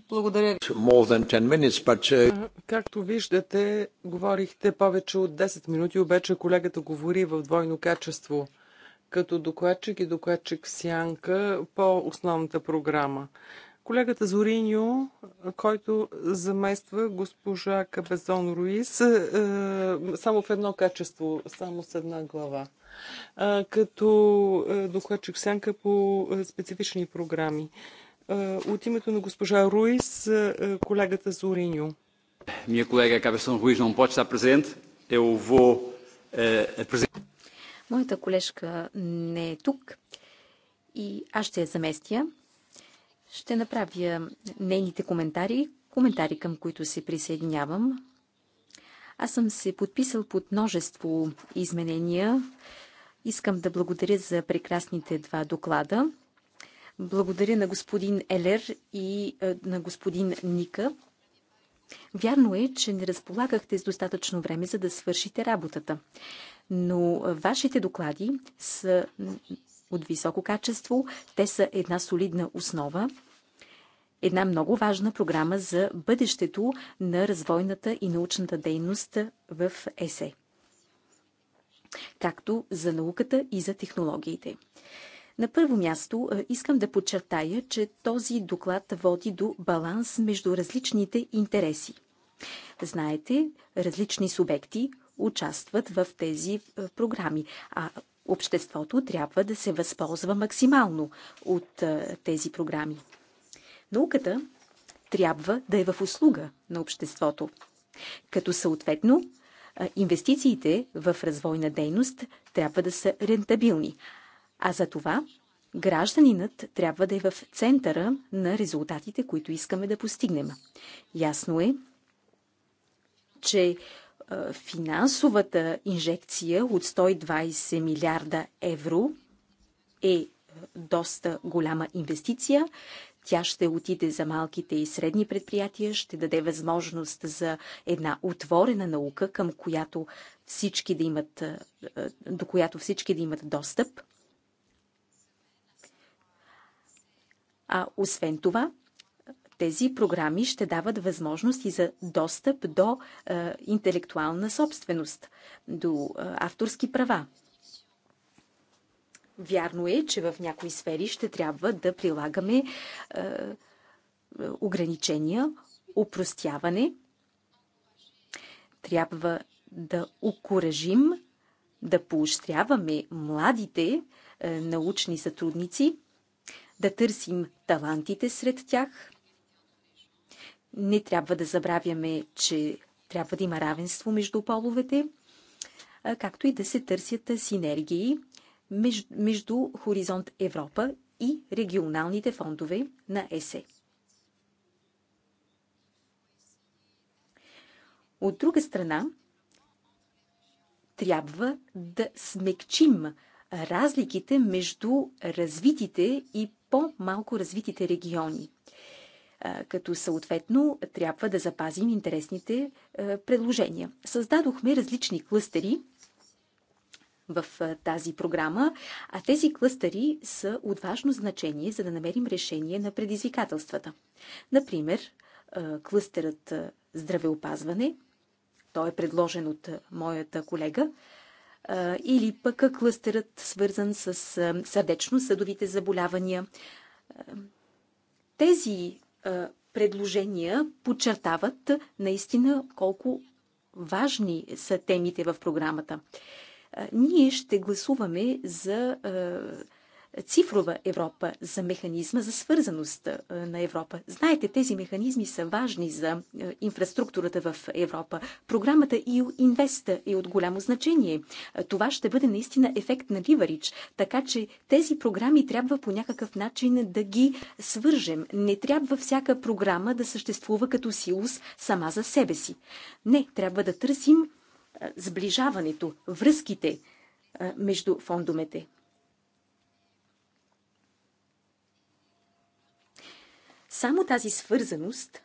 [SPEAKER 1] Благодаря ви.
[SPEAKER 3] Minutes, but... Uh,
[SPEAKER 1] както виждате, говорихте повече от 10 минути, обаче колегата говори в двойно качество като докладчик и докладчик в сянка по основната програма. Колегата Зориньо, който замества госпожа Кабезон Руис, е, само в едно качество, само с една глава, е, като е, докладчик в сянка по специфични програми. От името на госпожа Руис, колегата Зориньо.
[SPEAKER 2] Мия колега Кабезон Руис não почта estar е Eu vou uh, apresentar.
[SPEAKER 1] Моята колежка
[SPEAKER 3] не е тук и аз ще я заместя. Ще направя нейните коментари, коментари към които се присъединявам. Аз съм се подписал под множество изменения. Искам да благодаря за прекрасните два доклада. Благодаря на господин Елер и е, на господин Ника. Вярно е, че не разполагахте с достатъчно време, за да свършите работата но вашите доклади са от високо качество, те са една солидна основа, една много важна програма за бъдещето на развойната и научната дейност в ЕСЕ, както за науката и за технологиите. На първо място е, искам да подчертая, че този доклад води до баланс между различните интереси. Знаете, различни субекти, участват в тези е, програми. А обществото трябва да се възползва максимално от е, тези програми. Науката трябва да е в услуга на обществото, като съответно е, инвестициите в развойна дейност трябва да са рентабилни, а за това гражданинът трябва да е в центъра на резултатите, които искаме да постигнем. Ясно е, че финансовата инжекция от 120 милиарда евро е доста голяма инвестиция. Тя ще отиде за малките и средни предприятия, ще даде възможност за една отворена наука, към която всички да имат, до която всички да имат достъп. А освен това, тези програми ще дават възможности за достъп до е, интелектуална собственост, до е, авторски права. Вярно е, че в някои сфери ще трябва да прилагаме е, ограничения, упростяване. Трябва да окоръжим, да поощряваме младите е, научни сътрудници, да търсим талантите сред тях не трябва да забравяме, че трябва да има равенство между половете, както и да се търсят синергии между Хоризонт Европа и регионалните фондове на ЕСЕ. От друга страна, трябва да смекчим разликите между развитите и по-малко развитите региони като съответно трябва да запазим интересните предложения. Създадохме различни клъстери в тази програма, а тези клъстери са от важно значение, за да намерим решение на предизвикателствата. Например, клъстерът здравеопазване, той е предложен от моята колега, или пък клъстерът свързан с сърдечно-съдовите заболявания. Тези предложения подчертават наистина колко важни са темите в програмата. Ние ще гласуваме за цифрова Европа, за механизма за свързаност е, на Европа. Знаете, тези механизми са важни за е, инфраструктурата в Европа. Програмата EU Invest е от голямо значение. Е, това ще бъде наистина ефект на ливарич, така че тези програми трябва по някакъв начин да ги свържем. Не трябва всяка програма да съществува като силус сама за себе си. Не, трябва да търсим сближаването, връзките между фондовете. Само тази свързаност,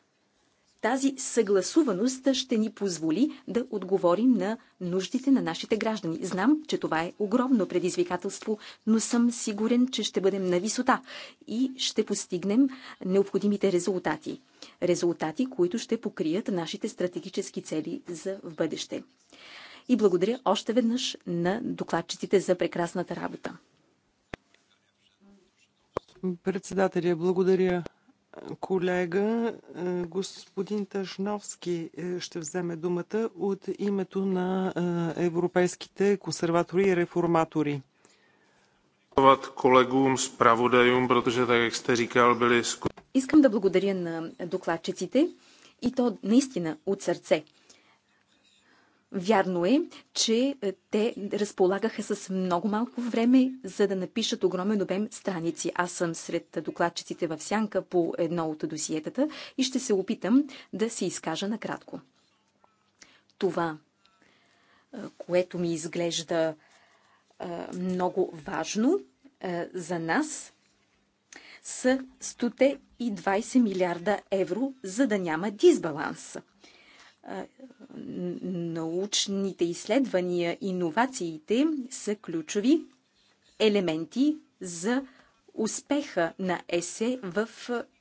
[SPEAKER 3] тази съгласуваност ще ни позволи да отговорим на нуждите на нашите граждани. Знам, че това е огромно предизвикателство, но съм сигурен, че ще бъдем на висота и ще постигнем необходимите резултати. Резултати, които ще покрият нашите стратегически цели за в бъдеще. И благодаря още веднъж на докладчиците за прекрасната работа.
[SPEAKER 1] Председателя, благодаря колега, е, господин Тъжновски е, ще вземе думата от името на е, европейските консерватори и реформатори. Колегум, Искам да благодаря
[SPEAKER 3] на докладчиците и то наистина от сърце. Вярно е, че е, те разполагаха с много малко време, за да напишат огромен обем страници. Аз съм сред докладчиците в сянка по едно от досиетата и ще се опитам да се изкажа накратко. Това, е, което ми изглежда е, много важно за нас, са 120 милиарда евро, за да няма дисбаланс научните изследвания, иновациите са ключови елементи за успеха на ЕСЕ в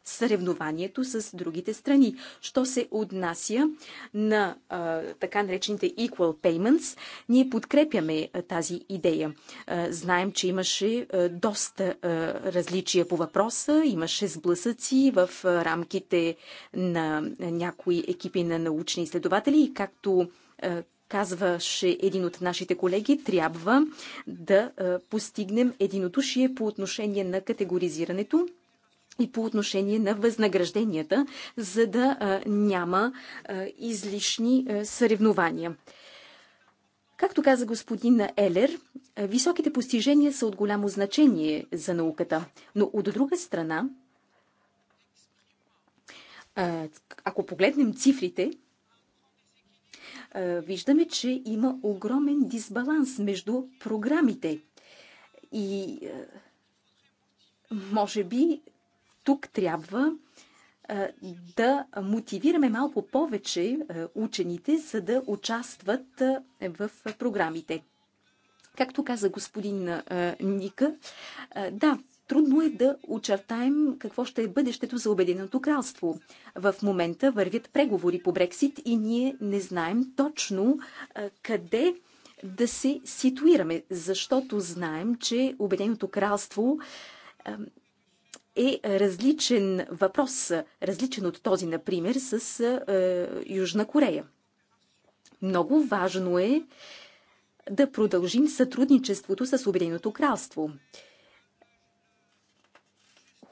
[SPEAKER 3] съревнованието с другите страни. Що се отнася на а, така наречените equal payments, ние подкрепяме а, тази идея. А, знаем, че имаше а, доста а, различия по въпроса, имаше сблъсъци в а, рамките на някои екипи на научни изследователи и както а, казваше един от нашите колеги, трябва да постигнем единодушие по отношение на категоризирането и по отношение на възнагражденията, за да няма излишни съревнования. Както каза господин Елер, високите постижения са от голямо значение за науката, но от друга страна, ако погледнем цифрите, виждаме, че има огромен дисбаланс между програмите. И може би тук трябва да мотивираме малко повече учените, за да участват в програмите. Както каза господин Ника, да, трудно е да очертаем какво ще е бъдещето за Обединеното кралство. В момента вървят преговори по Брексит и ние не знаем точно къде да се ситуираме, защото знаем, че Обединеното кралство е различен въпрос, различен от този, например, с е, Южна Корея. Много важно е да продължим сътрудничеството с Обединеното кралство.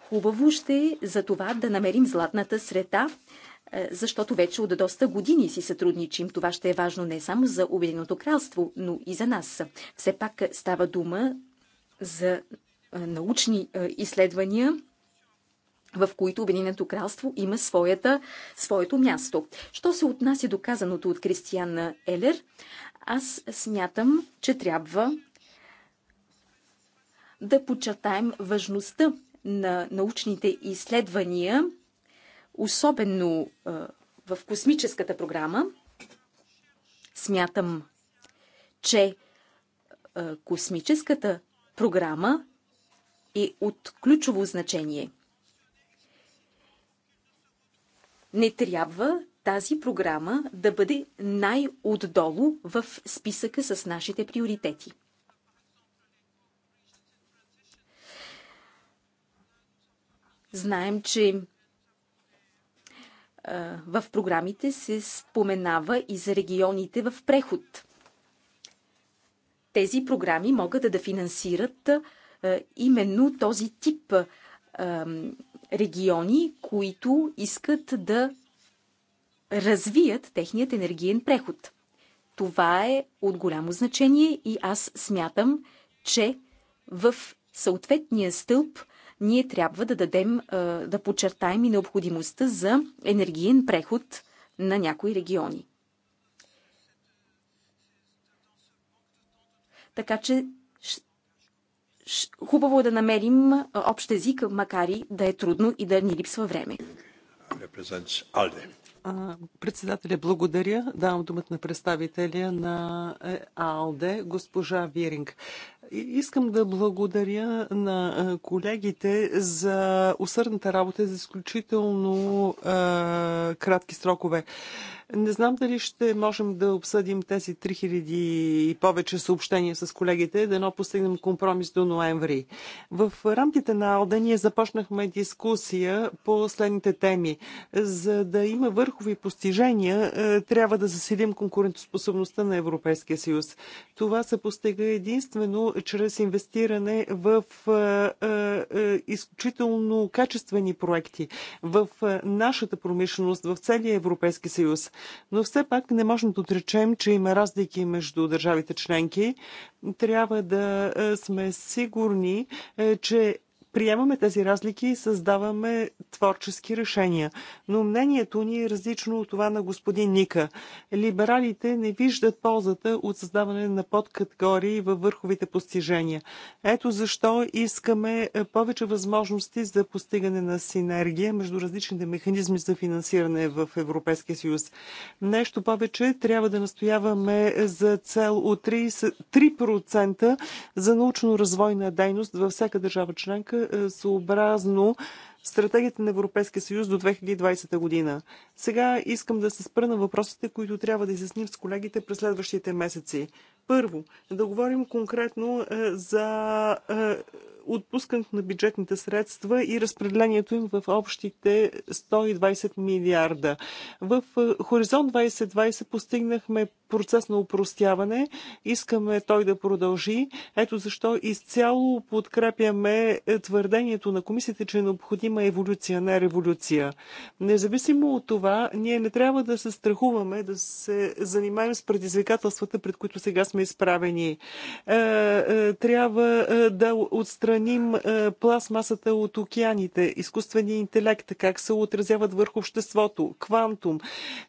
[SPEAKER 3] Хубаво ще е за това да намерим златната среда, е, защото вече от доста години си сътрудничим. Това ще е важно не само за Обединеното кралство, но и за нас. Все пак става дума за е, научни изследвания в които Обединеното кралство има своята, своето място. Що се отнася до казаното от Кристиан Елер, аз смятам, че трябва да почертаем важността на научните изследвания, особено в космическата програма. Смятам, че космическата програма е от ключово значение – Не трябва тази програма да бъде най-отдолу в списъка с нашите приоритети. Знаем, че в програмите се споменава и за регионите в преход. Тези програми могат да финансират именно този тип региони, които искат да развият техният енергиен преход. Това е от голямо значение и аз смятам, че в съответния стълб ние трябва да дадем, да подчертаем и необходимостта за енергиен преход на някои региони. Така че хубаво е да намерим общ език, макар и да е трудно и да ни липсва време.
[SPEAKER 1] Председателя, благодаря. Давам думата на представителя на е, АЛДЕ, госпожа Виринг. Искам да благодаря на колегите за усърдната работа за изключително а, кратки срокове. Не знам дали ще можем да обсъдим тези 3000 и повече съобщения с колегите, да но постигнем компромис до ноември. В рамките на ОДА ние започнахме дискусия по следните теми. За да има върхови постижения, трябва да засилим конкурентоспособността на Европейския съюз. Това се постига единствено чрез инвестиране в изключително качествени проекти в нашата промишленост в целия Европейски съюз. Но все пак не можем да отречем, че има разлики между държавите членки. Трябва да сме сигурни, е, че приемаме тези разлики и създаваме творчески решения. Но мнението ни е различно от това на господин Ника. Либералите не виждат ползата от създаване на подкатегории във върховите постижения. Ето защо искаме е, повече възможности за постигане на синергия между различните механизми за финансиране в Европейския съюз. Нещо повече трябва да настояваме е, за цел от 3% за научно-развойна дейност във всяка държава членка съобразно стратегията на Европейския съюз до 2020 година. Сега искам да се спра на въпросите, които трябва да изясним с колегите през следващите месеци. Първо, да говорим конкретно е, за е, отпускането на бюджетните средства и разпределението им в общите 120 милиарда. В е, Хоризонт 2020 постигнахме процес на упростяване. Искаме той да продължи. Ето защо изцяло подкрепяме е, твърдението на комисията, че е необходима еволюция, не революция. Независимо от това, ние не трябва да се страхуваме да се занимаем с предизвикателствата, пред които сега сме изправени. Е, трябва да отстраним отстраним е, пластмасата от океаните, изкуствения интелект, как се отразяват върху обществото, квантум,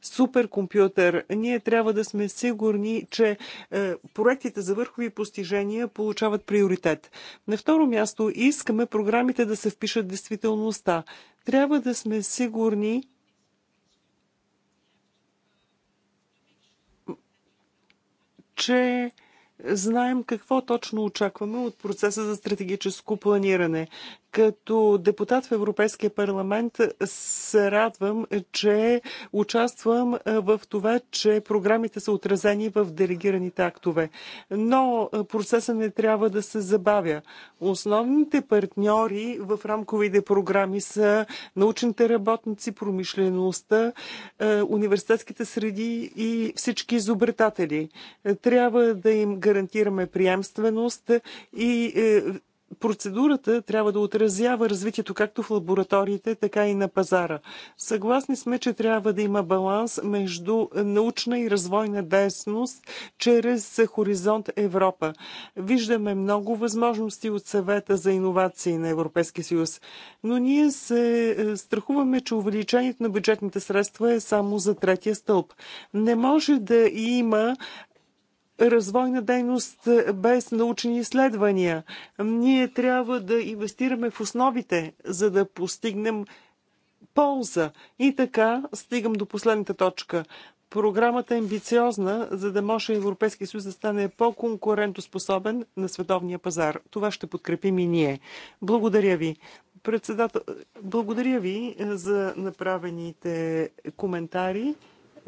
[SPEAKER 1] суперкомпютър, ние трябва да сме сигурни, че е, проектите за върхови постижения получават приоритет. На второ място искаме програмите да се впишат в действителността. Трябва да сме сигурни, че знаем какво точно очакваме от процеса за стратегическо планиране. Като депутат в Европейския парламент се радвам, че участвам в това, че програмите са отразени в делегираните актове. Но процесът не трябва да се забавя. Основните партньори в рамковите програми са научните работници, промишлеността, университетските среди и всички изобретатели. Трябва да им гарантираме приемственост и е, Процедурата трябва да отразява развитието както в лабораториите, така и на пазара. Съгласни сме, че трябва да има баланс между научна и развойна десност чрез Хоризонт Европа. Виждаме много възможности от съвета за иновации на Европейския съюз, но ние се е, страхуваме, че увеличението на бюджетните средства е само за третия стълб. Не може да има развойна дейност е, без научни изследвания. Ние трябва да инвестираме в основите, за да постигнем полза. И така стигам до последната точка. Програмата е амбициозна, за да може Европейския съюз да стане по-конкурентоспособен на световния пазар. Това ще подкрепим и ние. Благодаря ви. Председател, благодаря ви е, за направените коментари.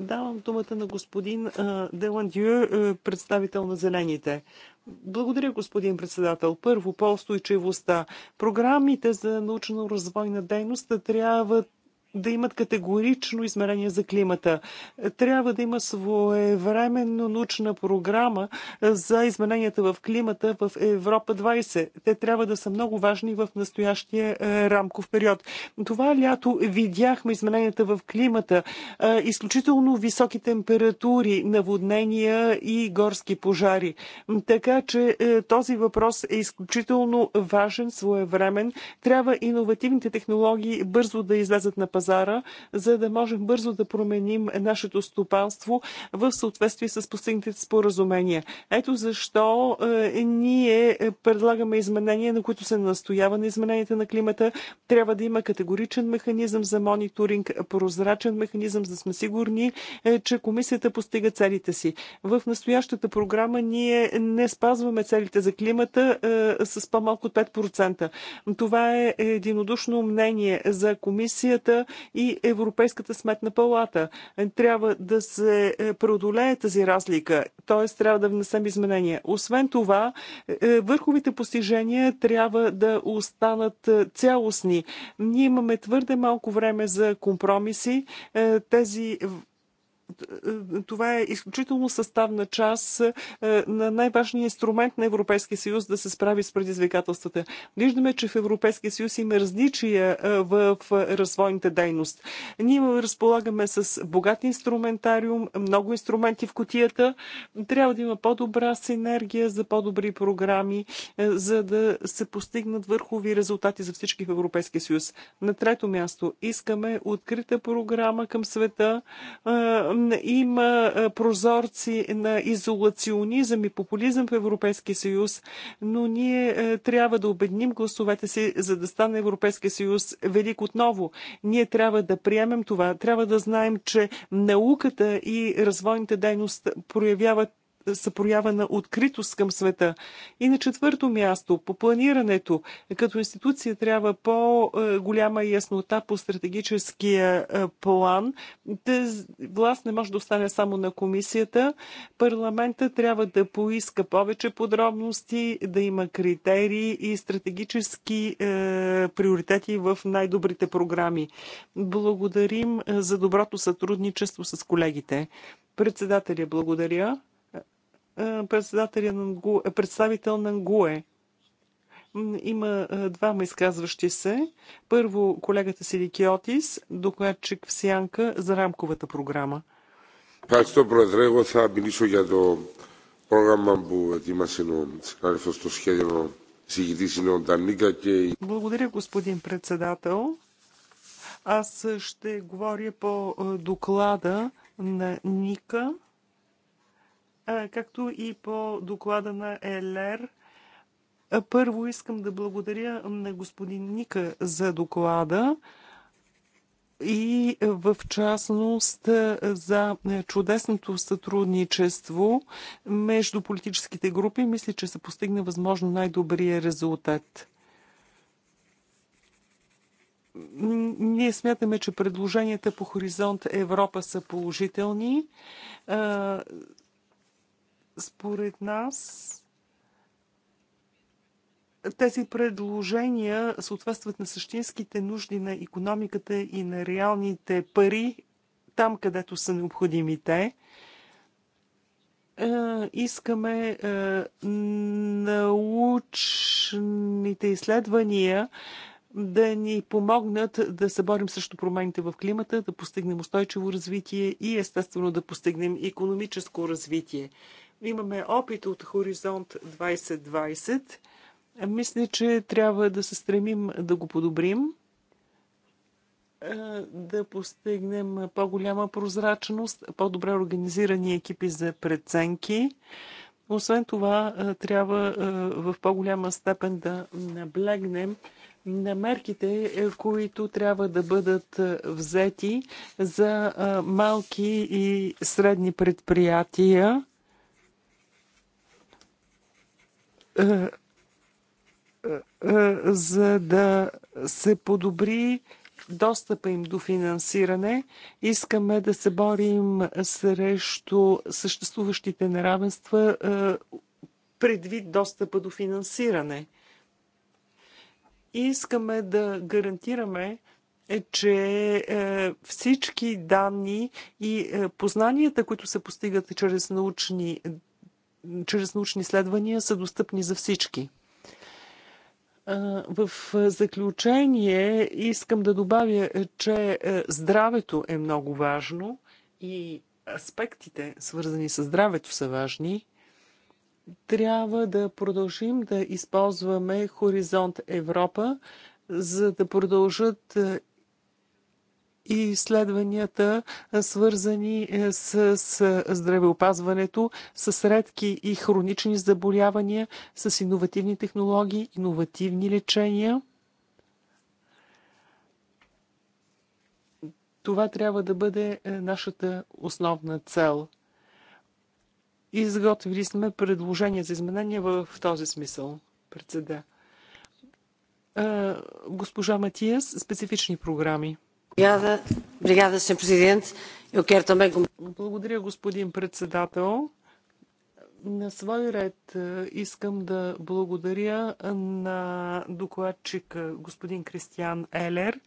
[SPEAKER 1] Давам думата на господин Деландю, представител на Зелените. Благодаря, господин председател. Първо, по устойчивостта. Програмите за научно-развойна дейност трябва да имат категорично измерение за климата. Трябва да има своевременно научна програма за измененията в климата в Европа 20. Те трябва да са много важни в настоящия рамков период. Това лято видяхме измененията в климата, изключително високи температури, наводнения и горски пожари. Така че този въпрос е изключително важен, своевремен. Трябва иновативните технологии бързо да излезат на пазара пазара, за да можем бързо да променим нашето стопанство в съответствие с постигнатите споразумения. Ето защо е, ние е, предлагаме изменения, на които се настоява на измененията на климата. Трябва да има категоричен механизъм за мониторинг, прозрачен механизъм, за да сме сигурни, е, че комисията постига целите си. В настоящата програма ние не спазваме целите за климата е, с по-малко от 5%. Това е единодушно мнение за комисията и Европейската сметна палата. Трябва да се е, преодолее тази разлика, т.е. трябва да внесем изменения. Освен това, е, е, върховите постижения трябва да останат цялостни. Ние имаме твърде малко време за компромиси. Тези е, е, това е изключително съставна част е, на най-важния инструмент на Европейския съюз да се справи с предизвикателствата. Виждаме, че в Европейския съюз има различия в развойните дейност. Ние разполагаме с богат инструментариум, много инструменти в котията. Трябва да има по-добра синергия за по-добри програми, за да се постигнат върхови резултати за всички в Европейския съюз. На трето място искаме открита програма към света има прозорци на изолационизъм и популизъм в Европейския съюз, но ние трябва да обедним гласовете си, за да стане Европейския съюз велик отново. Ние трябва да приемем това. Трябва да знаем, че науката и развойните дейности проявяват са проява на откритост към света. И на четвърто място, по планирането, като институция трябва по-голяма яснота по стратегическия е, план. власт не може да остане само на комисията. Парламента трябва да поиска повече подробности, да има критерии и стратегически е, приоритети в най-добрите програми. Благодарим е, за доброто сътрудничество с колегите. Председателя, благодаря. Е, председателя на е, представител на ГУЕ. Има е, двама изказващи се. Първо колегата Силикиотис, докладчик в Сянка за рамковата програма. Ευχαριστώ, Πρόεδρε. Εγώ θα μιλήσω για το
[SPEAKER 3] πρόγραμμα που ετοίμασε ο συνάδελφος στο σχέδιο συγκητής είναι ο Ντανίκα και...
[SPEAKER 1] Благодаря, господин председател. Аз ще говоря по доклада на Ника както и по доклада на ЕЛЕР. Първо искам да благодаря на господин Ника за доклада и в частност за чудесното сътрудничество между политическите групи. Мисля, че се постигна възможно най-добрия резултат. Ние смятаме, че предложенията по Хоризонт Европа са положителни. Според нас тези предложения съответстват на същинските нужди на економиката и на реалните пари, там където са необходимите. Е, искаме е, научните изследвания да ни помогнат да се борим срещу промените в климата, да постигнем устойчиво развитие и естествено да постигнем економическо развитие. Имаме опит от Хоризонт 2020. Мисля, че трябва да се стремим да го подобрим, да постигнем по-голяма прозрачност, по-добре организирани екипи за преценки. Освен това, трябва в по-голяма степен да наблегнем на мерките, е, които трябва да бъдат взети за малки и средни предприятия за да се подобри достъпа им до финансиране. Искаме да се борим срещу съществуващите неравенства е, предвид достъпа до финансиране. Искаме да гарантираме, е, че е, всички данни и познанията, които се постигат чрез научни чрез научни изследвания са достъпни за всички. В заключение искам да добавя, че е, здравето е много важно и аспектите, свързани с здравето, са важни. Трябва да продължим да използваме Хоризонт Европа, за да продължат е, и изследванията, свързани е, с, с здравеопазването, с редки и хронични заболявания, с иновативни технологии, иновативни лечения. Това трябва да бъде е, нашата основна цел. Изготвили сме предложения за изменения в този смисъл, председа. Е, госпожа Матиас, специфични програми. Благодаря, господин председател. На свой ред е, искам да благодаря на докладчика господин Кристиан Елер.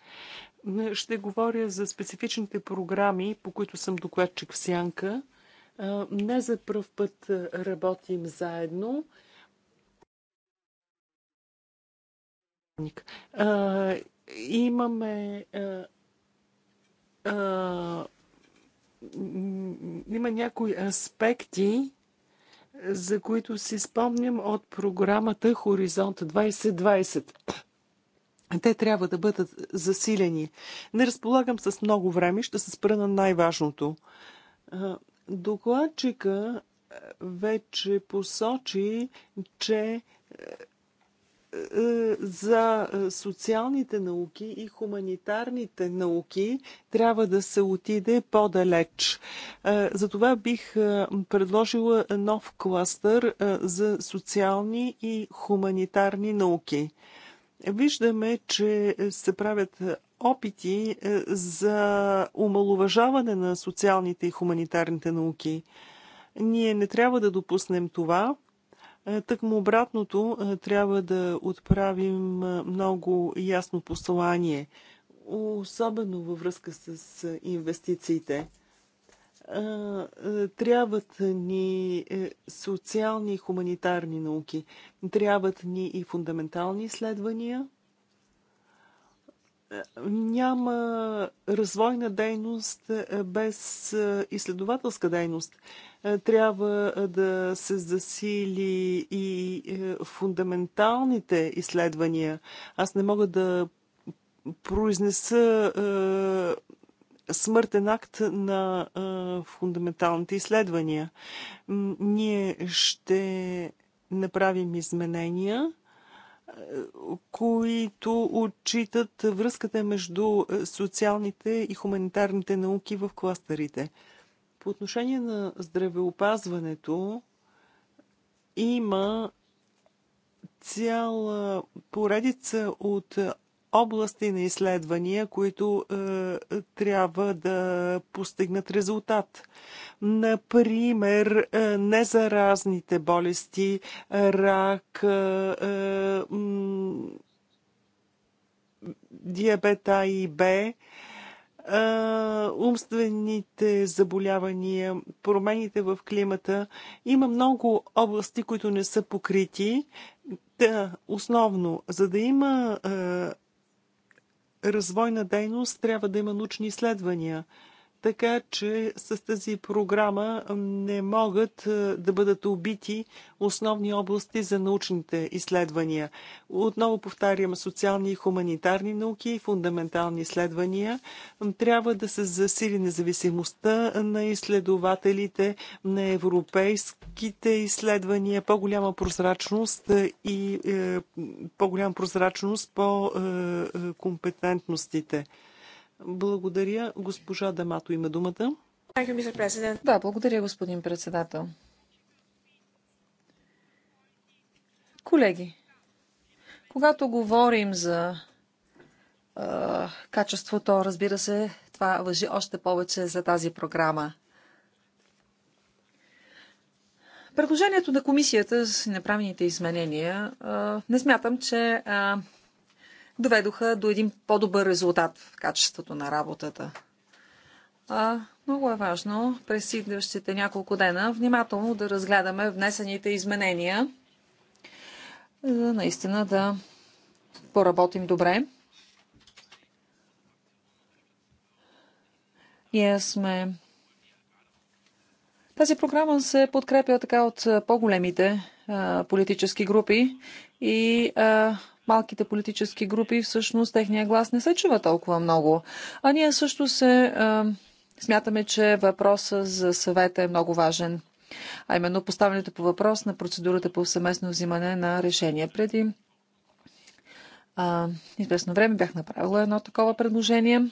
[SPEAKER 1] Ще говоря за специфичните програми, по които съм докладчик в Сянка. Е, не за първ път е, работим заедно. Имаме има някои аспекти, за които си спомням от програмата Хоризонт 2020. Те трябва да бъдат засилени. Не разполагам с много време, ще се спра на най-важното. Докладчика вече посочи, че е, за е, социалните науки и хуманитарните науки трябва да се отиде по-далеч. Е, затова бих предложила нов кластър за социални и хуманитарни науки. Виждаме, че се правят опити за умалуважаване на социалните и хуманитарните науки. Ние не трябва да допуснем това е, тъкмо обратното, е, трябва да отправим е, много ясно послание, особено във връзка с инвестициите. Трябват ни социални и хуманитарни науки, трябват ни и фундаментални изследвания, няма развойна дейност е, без е, изследователска дейност. Е, трябва да се засили и фундаменталните изследвания. Аз не мога да произнеса смъртен акт на фундаменталните изследвания. Ние ще направим изменения които отчитат връзката между е, социалните и хуманитарните науки в кластерите. По отношение на здравеопазването има цяла поредица от области на изследвания, които е, е, трябва да постигнат резултат. Например, е, незаразните болести, рак, е, е, диабета и Б е, умствените заболявания, промените в климата. Има много области, които не са покрити. Да, основно, за да има е, развойна дейност трябва да има научни изследвания – така че с тази програма не могат е, да бъдат убити основни области за научните изследвания. Отново повтарям, социални и хуманитарни науки и фундаментални изследвания. Трябва да се засили независимостта на изследователите, на европейските изследвания, по-голяма прозрачност и е, по-голяма прозрачност по е, компетентностите. Благодаря. Госпожа Дамато има думата.
[SPEAKER 2] Да, благодаря, господин председател. Колеги, когато говорим за е, качеството, разбира се, това въжи още повече за тази програма. Предложението на комисията с направените изменения е, не смятам, че е, доведоха до един по-добър резултат в качеството на работата. А, много е важно през следващите няколко дена внимателно да разгледаме внесените изменения, за наистина да поработим добре. Ние сме. Тази програма се подкрепя така от по-големите политически групи и а, малките политически групи, всъщност техния глас не се чува толкова много. А ние също се а, смятаме, че въпроса за съвета е много важен. А именно поставянето по въпрос на процедурата по съвместно взимане на решение. Преди а, известно време бях направила едно такова предложение.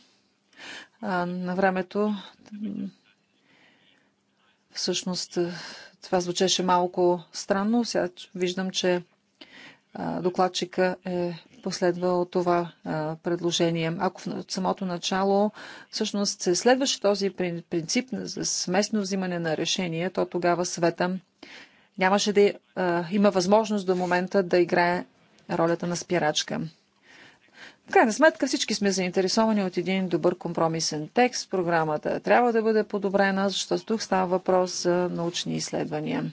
[SPEAKER 2] А, на времето всъщност това звучеше малко странно. Сега виждам, че докладчика е последвал това предложение. Ако в самото начало всъщност се следваше този принцип за сместно взимане на решение, то тогава света нямаше да има възможност до момента да играе ролята на спирачка. В крайна сметка всички сме заинтересовани от един добър компромисен текст. Програмата трябва да бъде подобрена, защото тук става въпрос за научни изследвания.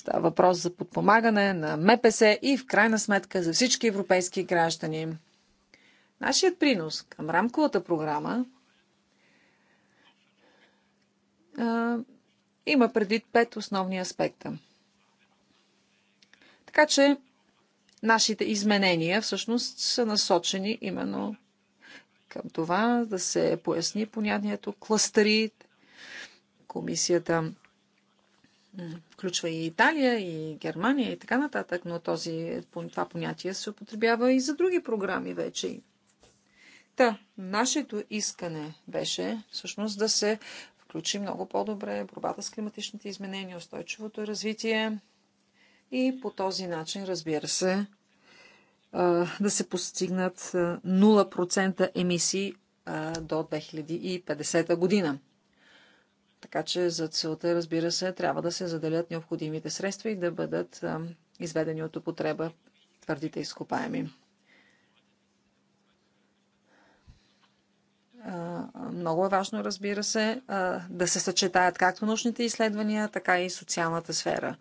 [SPEAKER 2] Става въпрос за подпомагане на МПС и в крайна сметка за всички европейски граждани. Нашият принос към рамковата програма а, има предвид пет основни аспекта. Така че нашите изменения всъщност са насочени именно към това да се поясни понятието кластъри. Комисията включва и Италия, и Германия, и така нататък, но този, това понятие се употребява и за други програми вече. Та, нашето искане беше всъщност да се включи много по-добре борбата с климатичните изменения, устойчивото развитие и по този начин, разбира се, да се постигнат 0% емисии до 2050 година. Така че за целта, разбира се, трябва да се заделят необходимите средства и да бъдат изведени от употреба твърдите изкопаеми. Много е важно, разбира се, да се съчетаят както научните изследвания, така и социалната сфера.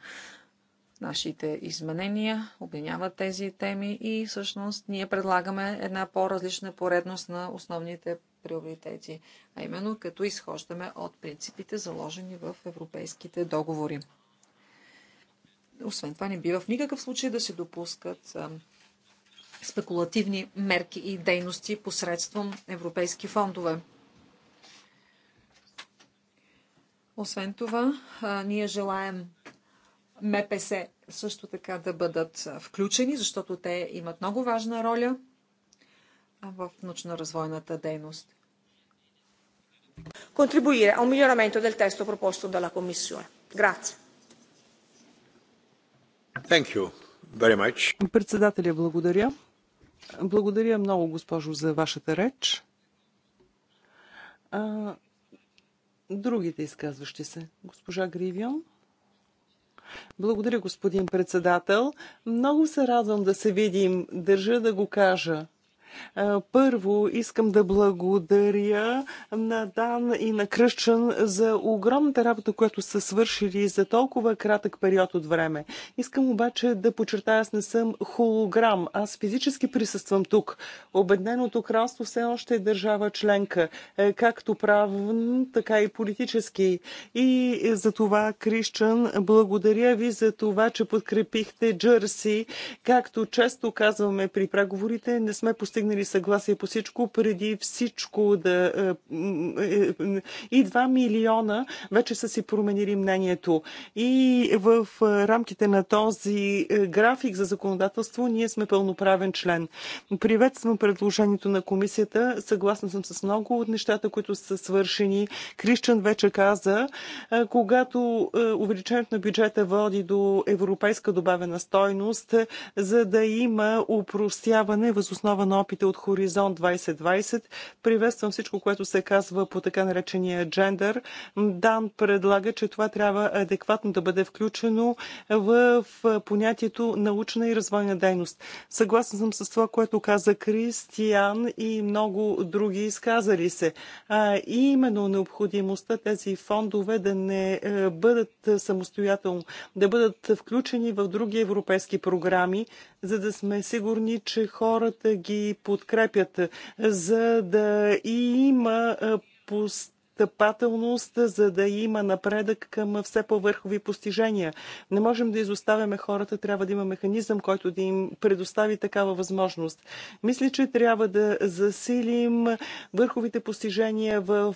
[SPEAKER 2] Нашите изменения обвиняват тези теми и всъщност ние предлагаме една по-различна поредност на основните приоритети, а именно като изхождаме от принципите, заложени в европейските договори. Освен това, не бива в никакъв случай да се допускат спекулативни мерки и дейности посредством европейски фондове. Освен това, ние желаем МПС също така да бъдат включени, защото те имат много важна роля – в научно-развойната дейност. Контрибуира a un дел тесто пропосто proposto dalla Commissione.
[SPEAKER 3] Thank you very much.
[SPEAKER 1] Председателя, благодаря. Благодаря много, госпожо, за вашата реч. А, другите изказващи се. Госпожа Гривион. Благодаря, господин председател. Много се радвам да се видим. Държа да го кажа. Е, първо искам да благодаря на Дан и на Кръщен за огромната работа, която са свършили за толкова кратък период от време. Искам обаче да почертая, аз не съм холограм. Аз физически присъствам тук. Обедненото кралство все още е държава членка, е, както правен, така и политически. И за това, Кръщен, благодаря ви за това, че подкрепихте Джърси. Както често казваме при преговорите, не сме постигнали постигнали съгласие по всичко, преди всичко да... Е, е, и 2 милиона вече са си променили мнението. И в е, рамките на този график за законодателство ние сме пълноправен член. Приветствам предложението на комисията. Съгласна съм с много от нещата, които са свършени. Крищан вече каза, когато увеличението на бюджета води до европейска добавена стойност, за да има упростяване възоснова на Европите от Хоризонт 2020. Приветствам всичко, което се казва по така наречения джендър. Дан предлага, че това трябва адекватно да бъде включено в понятието научна и развойна дейност. Съгласен съм с това, което каза Кристиян и много други изказали се. А, и именно необходимостта тези фондове да не е, бъдат самостоятелно, да бъдат включени в други европейски програми, за да сме сигурни, че хората ги подкрепят, за да има пост настъпателност, за да има напредък към все по-върхови постижения. Не можем да изоставяме хората, трябва да има механизъм, който да им предостави такава възможност. Мисля, че трябва да засилим върховите постижения в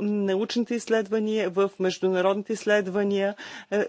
[SPEAKER 1] научните изследвания, в международните изследвания,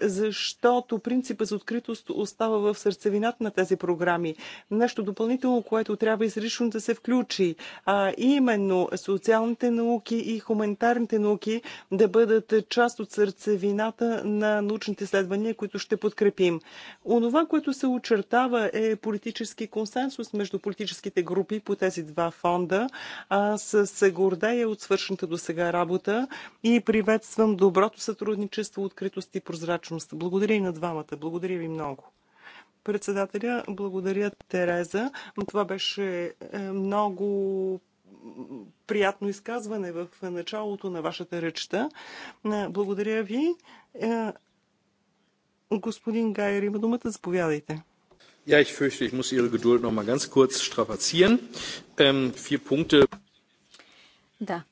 [SPEAKER 1] защото принципът за откритост остава в сърцевината на тези програми. Нещо допълнително, което трябва изрично да се включи, а именно социалните науки и хуманитарните прикладните науки да бъдат част от сърцевината на научните следвания, които ще подкрепим. Онова, което се очертава е политически консенсус между политическите групи по тези два фонда. Аз се гордея от свършната до сега работа и приветствам доброто сътрудничество, откритост и прозрачност. Благодаря и на двамата. Благодаря ви много председателя. Благодаря, Тереза. Това беше е, много приятно изказване в началото на вашата речта. Е, благодаря ви. Е, господин Гайер има думата. Заповядайте.
[SPEAKER 3] Ja, ich fürchte, ich muss Ihre Geduld noch mal ganz kurz strapazieren. Ähm, vier Punkte.
[SPEAKER 1] Да.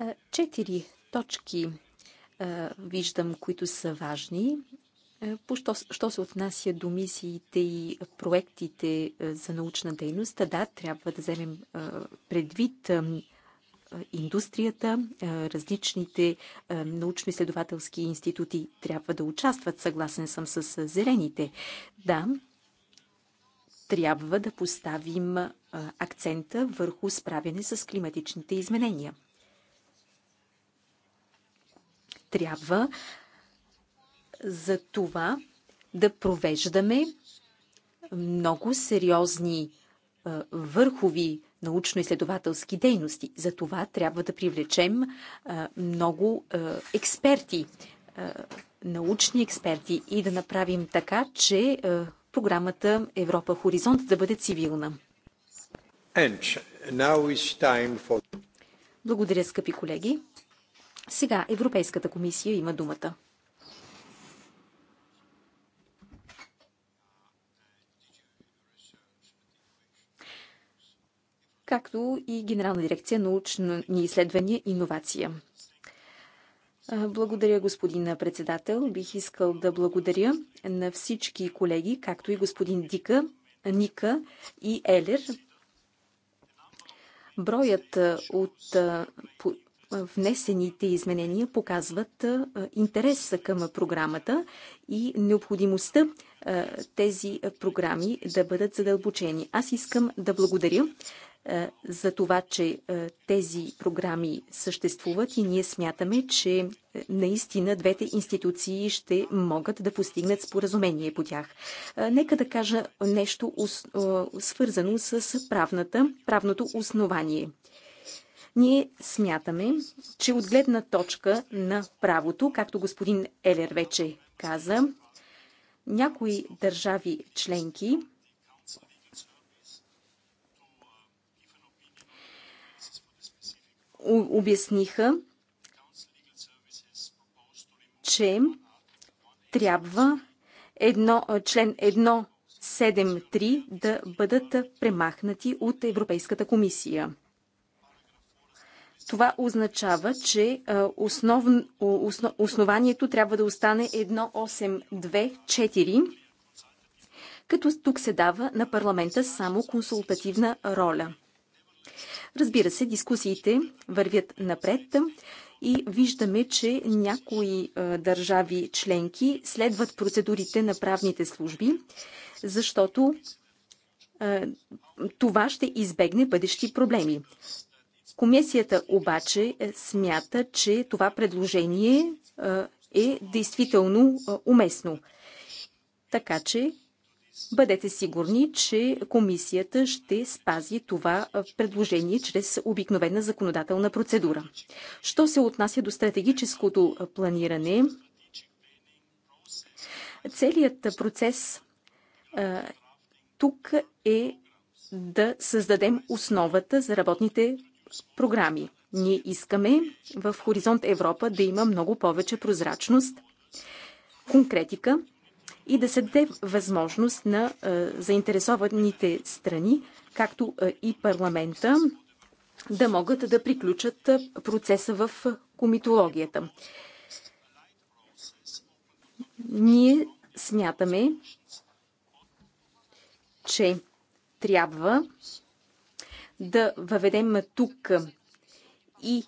[SPEAKER 1] Е,
[SPEAKER 3] четири точки виждам, които са важни е, по що, що се отнася до мисиите и проектите е, за научна дейност, да, трябва да вземем е, предвид индустрията, различните научно-изследователски институти трябва да участват. Съгласен съм с зелените. Да, трябва да поставим акцента върху справяне с климатичните изменения. Трябва за това да провеждаме много сериозни е, върхови научно-изследователски дейности. За това трябва да привлечем е, много е, експерти, научни експерти и да направим така, че програмата Европа Хоризонт да бъде цивилна. Благодаря, скъпи колеги. Сега Европейската комисия има думата. както и Генерална дирекция научни изследвания и иновация. Благодаря, господин председател. Бих искал да благодаря на всички колеги, както и господин Дика, Ника и Елер. Броят от внесените изменения показват интерес към програмата и необходимостта тези програми да бъдат задълбочени. Аз искам да благодаря за това, че тези програми съществуват и ние смятаме, че наистина двете институции ще могат да постигнат споразумение по тях. Нека да кажа нещо свързано с правната, правното основание. Ние смятаме, че от гледна точка на правото, както господин Елер вече каза, някои държави членки обясниха, че трябва едно, член 173 да бъдат премахнати от Европейската комисия. Това означава, че основ, основ, основанието трябва да остане 1824, като тук се дава на парламента само консултативна роля. Разбира се, дискусиите вървят напред и виждаме, че някои държави членки следват процедурите на правните служби, защото това ще избегне бъдещи проблеми. Комисията обаче е, смята, че това предложение е, е действително е, уместно. Така че бъдете сигурни, че комисията ще спази това предложение чрез обикновена законодателна процедура. Що се отнася до стратегическото планиране, целият процес тук е да създадем основата за работните програми. Ние искаме в Хоризонт Европа да има много повече прозрачност, конкретика и да се даде възможност на е, заинтересованите страни, както е, и парламента, да могат да приключат е, процеса в комитологията. Ние смятаме, че трябва да въведем тук и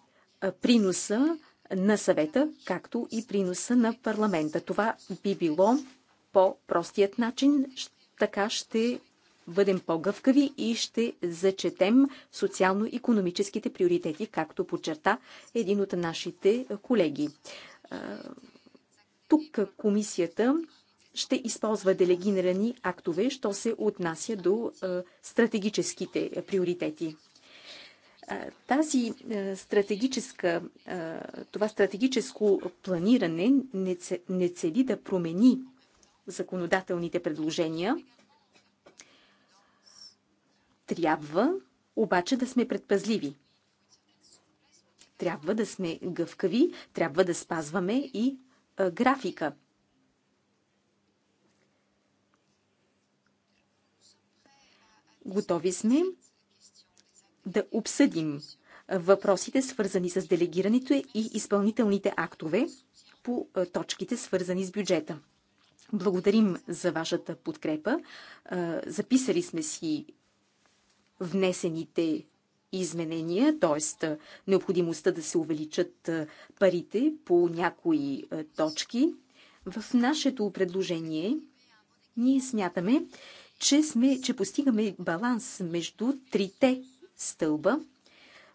[SPEAKER 3] приноса на съвета, както и приноса на парламента. Това би било по-простият начин. Така ще бъдем по-гъвкави и ще зачетем социално-економическите приоритети, както подчерта един от нашите колеги. Тук комисията ще използва делегирани актове, що се отнася до стратегическите приоритети. Тази стратегическа, това стратегическо планиране не цели да промени законодателните предложения. Трябва обаче да сме предпазливи. Трябва да сме гъвкави, трябва да спазваме и графика, Готови сме да обсъдим въпросите, свързани с делегирането и изпълнителните актове по е, точките, свързани с бюджета. Благодарим за вашата подкрепа. Е, записали сме си внесените изменения, т.е. необходимостта да се увеличат е, парите по някои точки. В нашето предложение ние смятаме, че, сме, че постигаме баланс между трите стълба,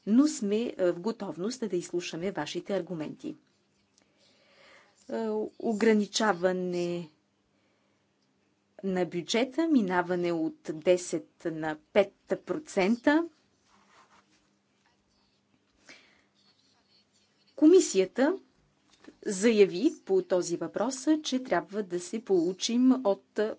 [SPEAKER 3] но сме е, в готовност да изслушаме вашите аргументи. Е, ограничаване на бюджета, минаване от 10 на 5%. Комисията заяви по този въпрос, че трябва да се получим от е,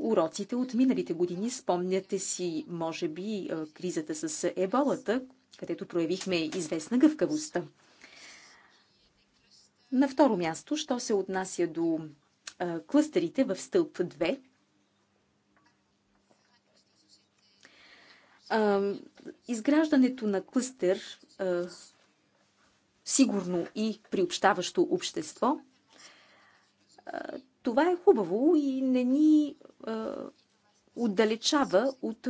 [SPEAKER 3] уроците от миналите години. Спомняте си, може би, кризата с еболата, където проявихме известна гъвкавостта. На второ място, що се отнася до клъстерите в стълб 2, изграждането на клъстер сигурно и приобщаващо общество това е хубаво и не ни е, отдалечава от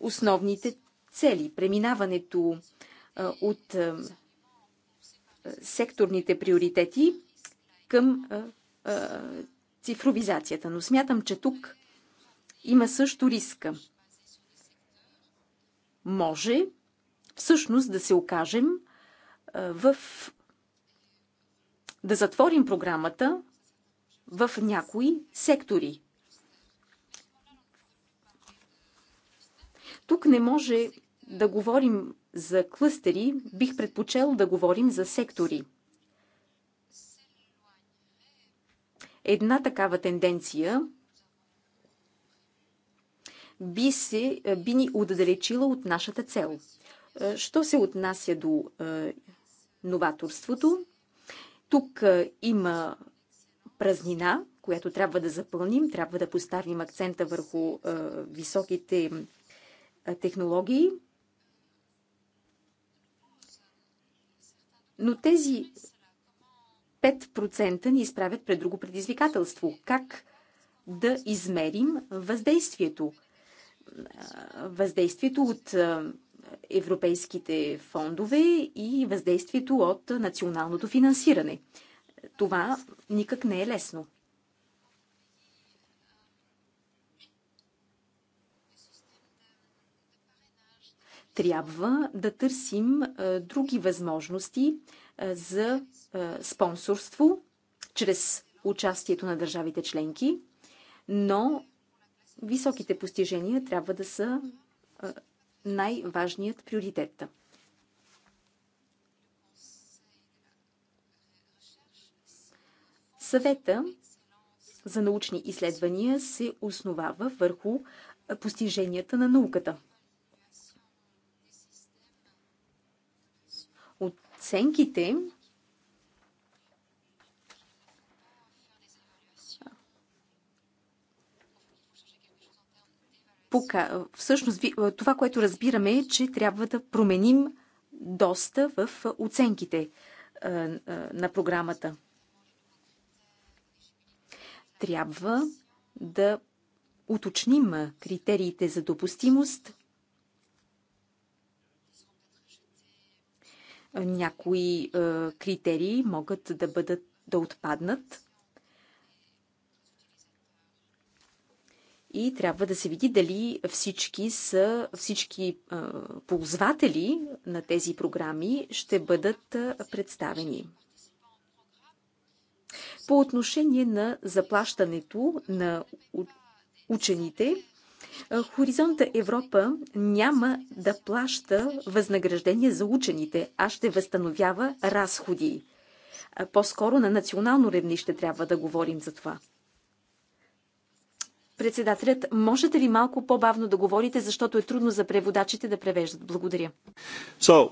[SPEAKER 3] основните цели. Преминаването е, от е, секторните приоритети към е, е, цифровизацията. Но смятам, че тук има също риска. Може всъщност да се окажем е, в да затворим програмата в някои сектори. Тук не може да говорим за клъстери, бих предпочел да говорим за сектори. Една такава тенденция би, се, би ни отдалечила от нашата цел. Е, що се отнася до е, новаторството, тук е, има празнина, която трябва да запълним. Трябва да поставим акцента върху високите технологии. Но тези 5% ни изправят пред друго предизвикателство. Как да измерим въздействието? Въздействието от европейските фондове и въздействието от националното финансиране това никак не е лесно. Трябва да търсим други възможности за спонсорство чрез участието на държавите членки, но високите постижения трябва да са най-важният приоритет. Съвета за научни изследвания се основава върху постиженията на науката. Оценките всъщност това, което разбираме е, че трябва да променим доста в оценките на програмата трябва да уточним критериите за допустимост. Някои е, критерии могат да бъдат да отпаднат. И трябва да се види дали всички са всички е, ползватели на тези програми ще бъдат е, представени. По отношение на заплащането на учените, Хоризонта Европа няма да плаща възнаграждение за учените, а ще възстановява разходи. По-скоро на национално ревнище трябва да говорим за това. Председателят, можете ли малко по-бавно да говорите, защото е трудно за преводачите да превеждат? Благодаря.
[SPEAKER 1] So,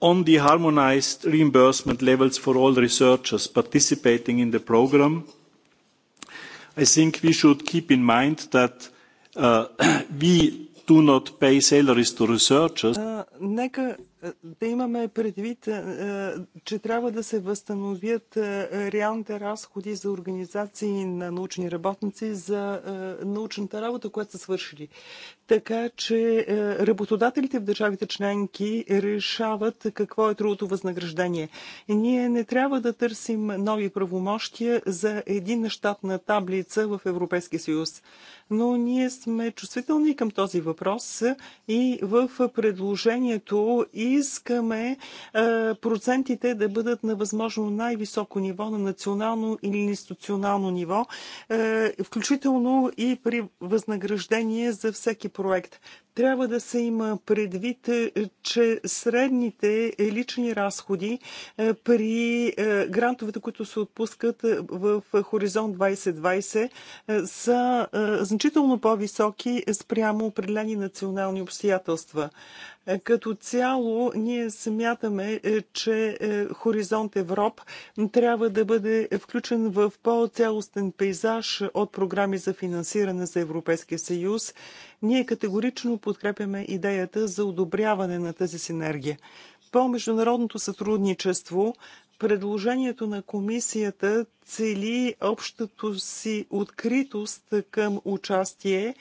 [SPEAKER 1] on the harmonised reimbursement levels for all researchers participating in the programme, I think we should keep in mind that we do not pay salaries to researchers да имаме предвид, е, е, че трябва да се възстановят е, реалните разходи за организации на научни работници за научната работа, която са свършили. Така че работодателите в държавите членки решават какво е трудното възнаграждение. Ние не трябва да търсим нови правомощия за един щатна таблица в Европейския съюз но ние сме чувствителни към този въпрос и в предложението и искаме е, процентите да бъдат на възможно най-високо ниво, на национално или институционално ниво, е, включително и при възнаграждение за всеки проект трябва да се има предвид, е, че средните лични разходи е, при е, грантовете, които се отпускат в Хоризонт 2020, са значително по-високи спрямо определени национални обстоятелства. Като цяло ние смятаме, че Хоризонт Европ трябва да бъде включен в по-цялостен пейзаж от програми за финансиране за Европейския съюз ние категорично подкрепяме идеята за одобряване на тази синергия. По международното сътрудничество, предложението на комисията цели общата си откритост към участие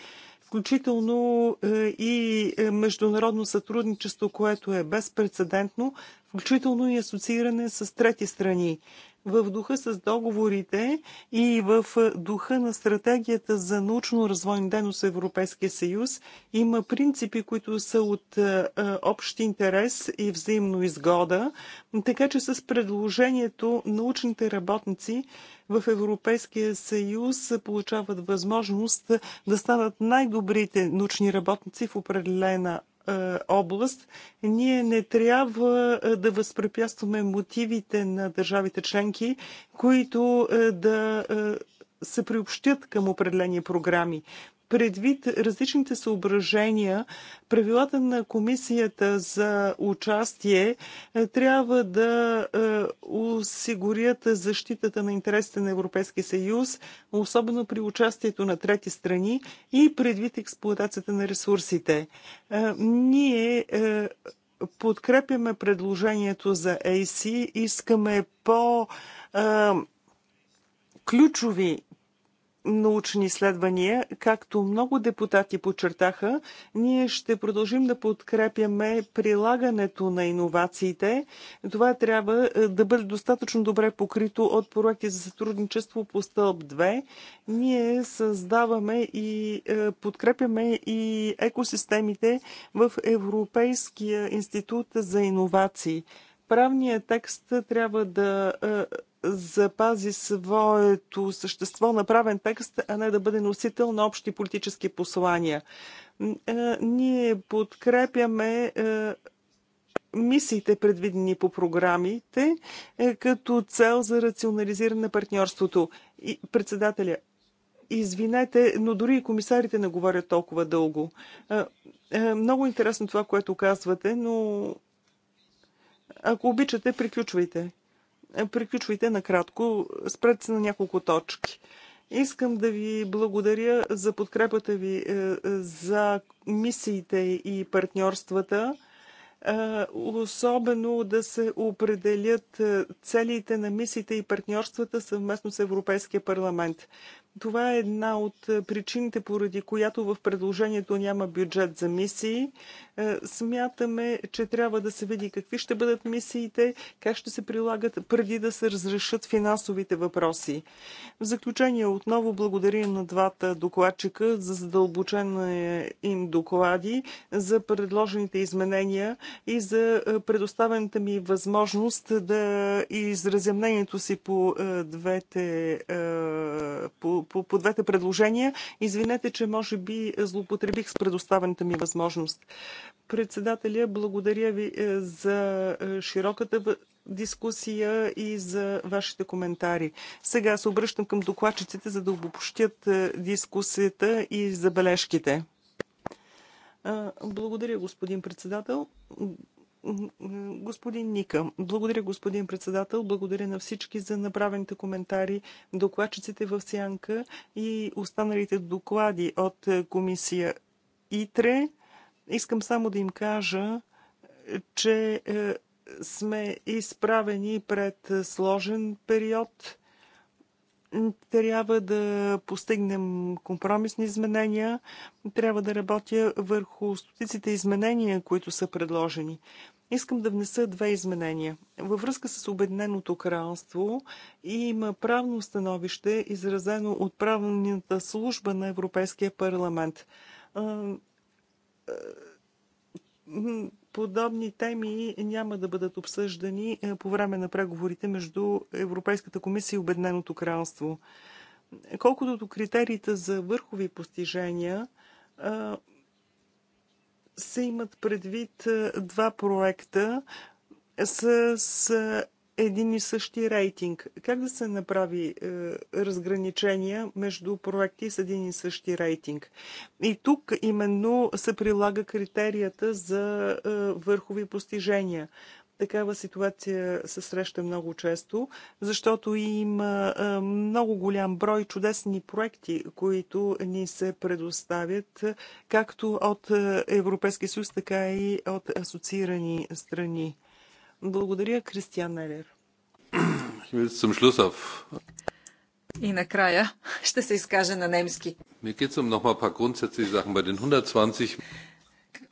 [SPEAKER 1] включително е, и е, международно сътрудничество, което е безпредседентно, включително и асоцииране с трети страни в духа с договорите и в духа на стратегията за научно-развойна дейност Европейския съюз има принципи, които са от общ интерес и взаимно изгода, така че с предложението научните работници в Европейския съюз получават възможност да станат най-добрите научни работници в определена е, област, ние не трябва е, да възпрепятстваме мотивите на държавите членки, които е, да се приобщят към определени програми предвид различните съображения, правилата на комисията за участие е, трябва да е, осигурят защитата на интересите на Европейския съюз, особено при участието на трети страни и предвид експлуатацията на ресурсите. Е, ние подкрепяме предложението за AC, искаме по ключови научни изследвания, както много депутати подчертаха, ние ще продължим да подкрепяме прилагането на иновациите. Това трябва е, да бъде достатъчно добре покрито от проекти за сътрудничество по стълб 2. Ние създаваме и е, подкрепяме и екосистемите в Европейския институт за иновации правният текст трябва да е, запази своето същество на правен текст, а не да бъде носител на общи политически послания. Е, ние подкрепяме е, мисиите, предвидени по програмите, е, като цел за рационализиране на партньорството. И председателя, извинете, но дори и комисарите не говорят толкова дълго. Много интересно това, което казвате, но ако обичате, приключвайте приключвайте накратко, спрете се на няколко точки. Искам да ви благодаря за подкрепата ви е, за мисиите и партньорствата, е, особено да се определят е, целите на мисиите и партньорствата съвместно с Европейския парламент. Това е една от е, причините, поради която в предложението няма бюджет за мисии. Е, смятаме, че трябва да се види какви ще бъдат мисиите, как ще се прилагат преди да се разрешат финансовите въпроси. В заключение отново благодарим на двата докладчика за задълбочените им доклади, за предложените изменения и за е, предоставената ми възможност да изразя мнението си по двете по по, по, двете предложения. Извинете, че може би злоупотребих с предоставената ми възможност. Председателя, благодаря ви е, за е, широката дискусия и за вашите коментари. Сега се обръщам към докладчиците, за да обобщят е, дискусията и забележките. Благодаря, господин председател. Господин Ника, благодаря господин председател, благодаря на всички за направените коментари, докладчиците в Сянка и останалите доклади от комисия ИТРЕ. Искам само да им кажа, че е, сме изправени пред сложен период трябва да постигнем компромисни изменения, трябва да работя върху стотиците изменения, които са предложени. Искам да внеса две изменения. Във връзка с Обединеното кралство има правно становище, изразено от правната служба на Европейския парламент подобни теми няма да бъдат обсъждани е, по време на преговорите между Европейската комисия и Обедненото кралство. Колкото до критериите за върхови постижения, е, се имат предвид е, два проекта с един и същи рейтинг. Как да се направи е, разграничения между проекти с един и същи рейтинг? И тук именно се прилага критерията за е, върхови постижения. Такава ситуация се среща много често, защото има е, много голям брой чудесни проекти, които ни се предоставят както от е, Европейския съюз, така и от асоциирани страни. Благодаря, Кристиан Елер. И накрая
[SPEAKER 2] ще се изкажа на немски.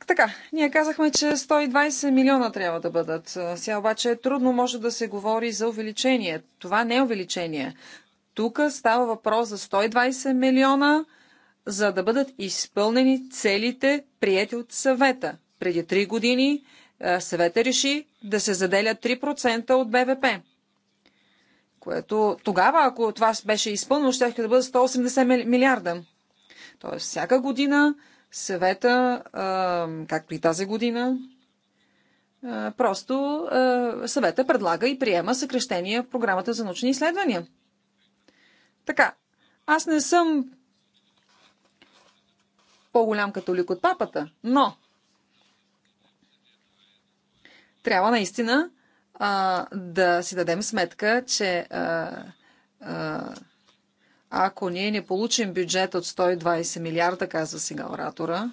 [SPEAKER 2] Така, ние казахме, че 120 милиона трябва да бъдат. Сега обаче трудно може да се говори за увеличение. Това не е увеличение. Тук става въпрос за 120 милиона, за да бъдат изпълнени целите, прияти от съвета. Преди три години е, съвета реши да се заделя 3% от БВП. Което тогава, ако това беше изпълнено, ще да бъде 180 милиарда. Тоест, всяка година съвета, е, както и тази година, е, просто съвета предлага и приема съкрещения в програмата за научни изследвания. Така, аз не съм по-голям католик от папата, но трябва наистина а, да си дадем сметка, че а, а, ако ние не получим бюджет от 120 милиарда, казва сега оратора,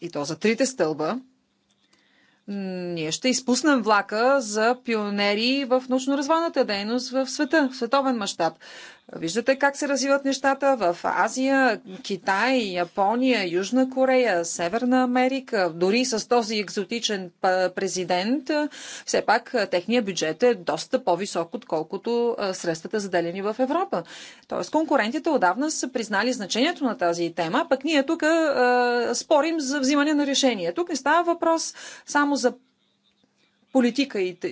[SPEAKER 2] и то за трите стълба, ние ще изпуснем влака за пионери в научно-развойната дейност в света, в световен мащаб. Виждате как се развиват нещата в Азия, Китай, Япония, Южна Корея, Северна Америка. Дори с този екзотичен президент, все пак техният бюджет е доста по-висок, отколкото средствата заделени в Европа. Тоест конкурентите отдавна са признали значението на тази тема, пък ние тук спорим за взимане на решение. Тук не става въпрос само за политика и, и,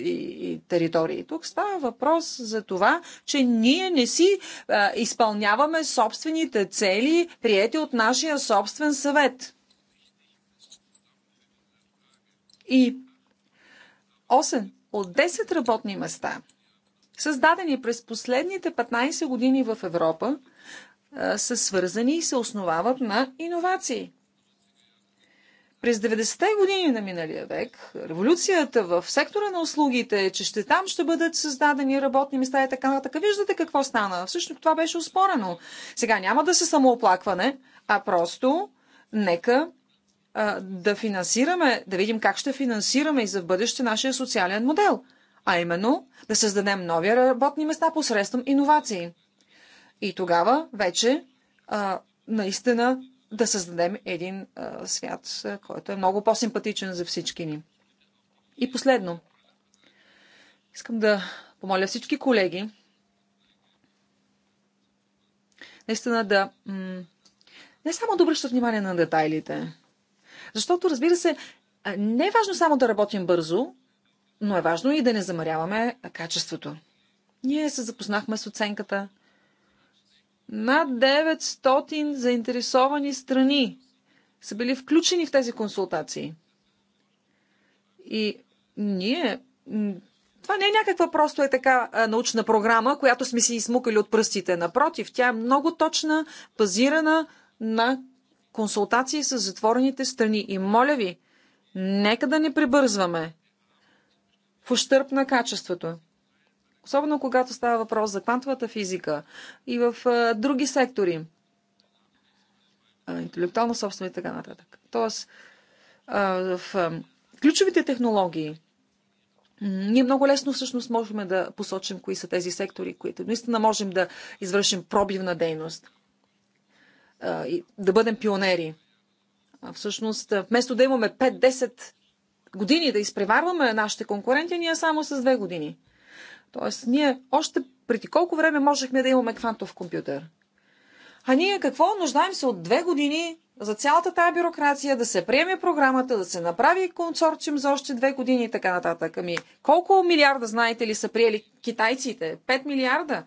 [SPEAKER 2] и територии. Тук става въпрос за това, че ние не си а, изпълняваме собствените цели, приети от нашия собствен съвет. И 8 от 10 работни места, създадени през последните 15 години в Европа, са свързани и се основават на иновации. През 90-те години на миналия век, революцията в сектора на услугите, че ще там ще бъдат създадени работни места и така нататък. Виждате какво стана. Всъщност това беше успорено. Сега няма да се самооплакване, а просто нека а, да финансираме, да видим как ще финансираме и за бъдеще нашия социален модел. А именно да създадем нови работни места посредством иновации. И тогава вече а, наистина да създадем един свят, който е много по-симпатичен за всички ни. И последно, искам да помоля всички колеги наистина да не само да обръщат внимание на детайлите, защото, разбира се, не е важно само да работим бързо, но е важно и да не замаряваме качеството. Ние се запознахме с оценката над 900 заинтересовани страни са били включени в тези консултации. И ние. Това не е някаква просто е така научна програма, която сме си измукали от пръстите. Напротив, тя е много точна, базирана на консултации с затворените страни. И моля ви, нека да не прибързваме в ущърп на качеството. Особено когато става въпрос за квантовата физика и в а, други сектори. А, интелектуална собственост и така нататък. Тоест, а, в а, ключовите технологии ние много лесно всъщност можем да посочим кои са тези сектори, които наистина можем да извършим пробивна дейност. А, и да бъдем пионери. А, всъщност, вместо да имаме 5-10 години да изпреварваме нашите конкуренти, ние само с 2 години – Тоест, ние още преди колко време можехме да имаме квантов компютър? А ние какво? Нуждаем се от две години за цялата тая бюрокрация, да се приеме програмата, да се направи консорциум за още две години и така нататък. Ами, колко милиарда, знаете ли, са приели китайците? 5 милиарда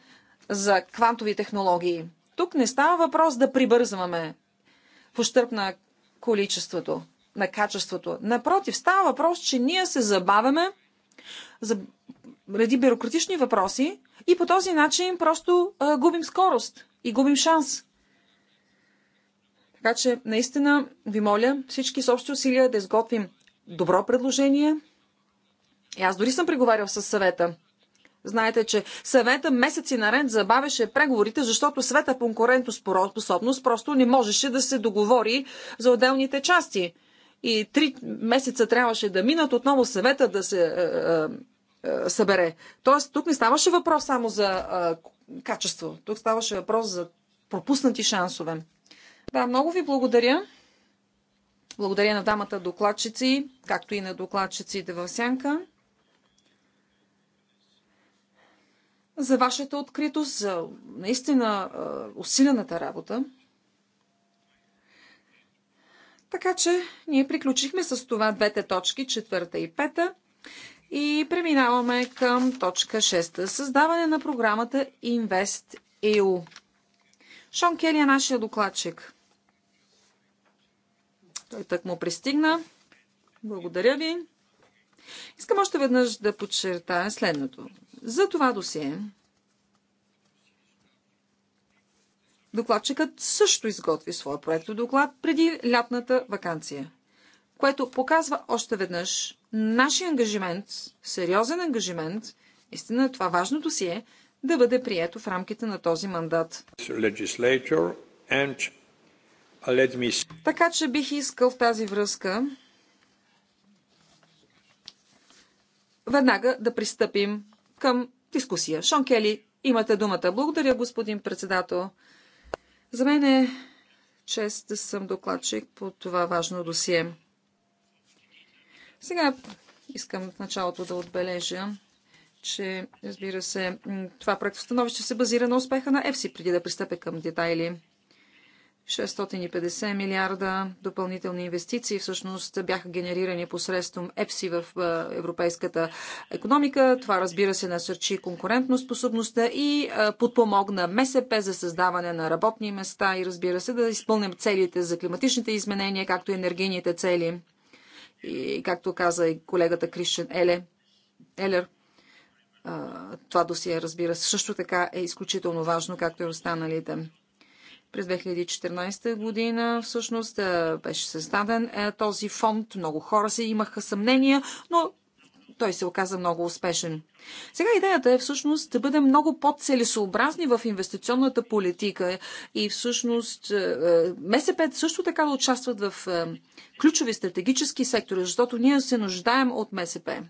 [SPEAKER 2] за квантови технологии. Тук не става въпрос да прибързваме в ущърп на количеството, на качеството. Напротив, става въпрос, че ние се забавяме, ради бюрократични въпроси и по този начин просто а, губим скорост и губим шанс. Така че, наистина, ви моля всички с общи усилия да изготвим добро предложение. И аз дори съм преговарял с съвета. Знаете, че съвета месеци наред забавеше преговорите, защото света конкурентоспособност просто не можеше да се договори за отделните части. И три месеца трябваше да минат отново съвета да се е, е, е, събере. Тоест, тук не ставаше въпрос само за а, е, качество. Тук ставаше въпрос за пропуснати шансове. Да, много ви благодаря. Благодаря на дамата докладчици, както и на докладчиците в Сянка. За вашата откритост, за наистина е, усилената работа. Така че ние приключихме с това двете точки, четвърта и пета. И преминаваме към точка 6. Създаване на програмата Invest EU. Шон Кели е нашия докладчик. Той так му пристигна. Благодаря ви. Искам още веднъж да подчертая следното. За това досие докладчикът също изготви своя проект доклад преди лятната вакансия което показва още веднъж нашия ангажимент, сериозен ангажимент, истина е това важното си е, да бъде прието в рамките на този мандат. Така че бих искал в тази връзка веднага да пристъпим към дискусия. Шон Кели, имате думата. Благодаря, господин председател. За мен е чест да съм докладчик по това важно досие. Сега искам в началото да отбележа, че, разбира се, това проектостановище се базира на успеха на ЕФСИ, преди да пристъпя към детайли. 650 милиарда допълнителни инвестиции всъщност бяха генерирани посредством ЕПСИ в европейската економика. Това разбира се насърчи конкурентноспособността и подпомогна МСП за създаване на работни места и разбира се да изпълним целите за климатичните изменения, както и енергийните цели. И както каза и колегата Кришен Еле, Елер, това досие, разбира се, също така е изключително важно, както и останалите. През 2014 година всъщност беше създаден този фонд. Много хора се имаха съмнения, но той се оказа много успешен. Сега идеята е всъщност да бъдем много по-целесообразни в инвестиционната политика и всъщност е, е, МСП също така да участват в е, ключови стратегически сектори, защото ние се нуждаем от МСП.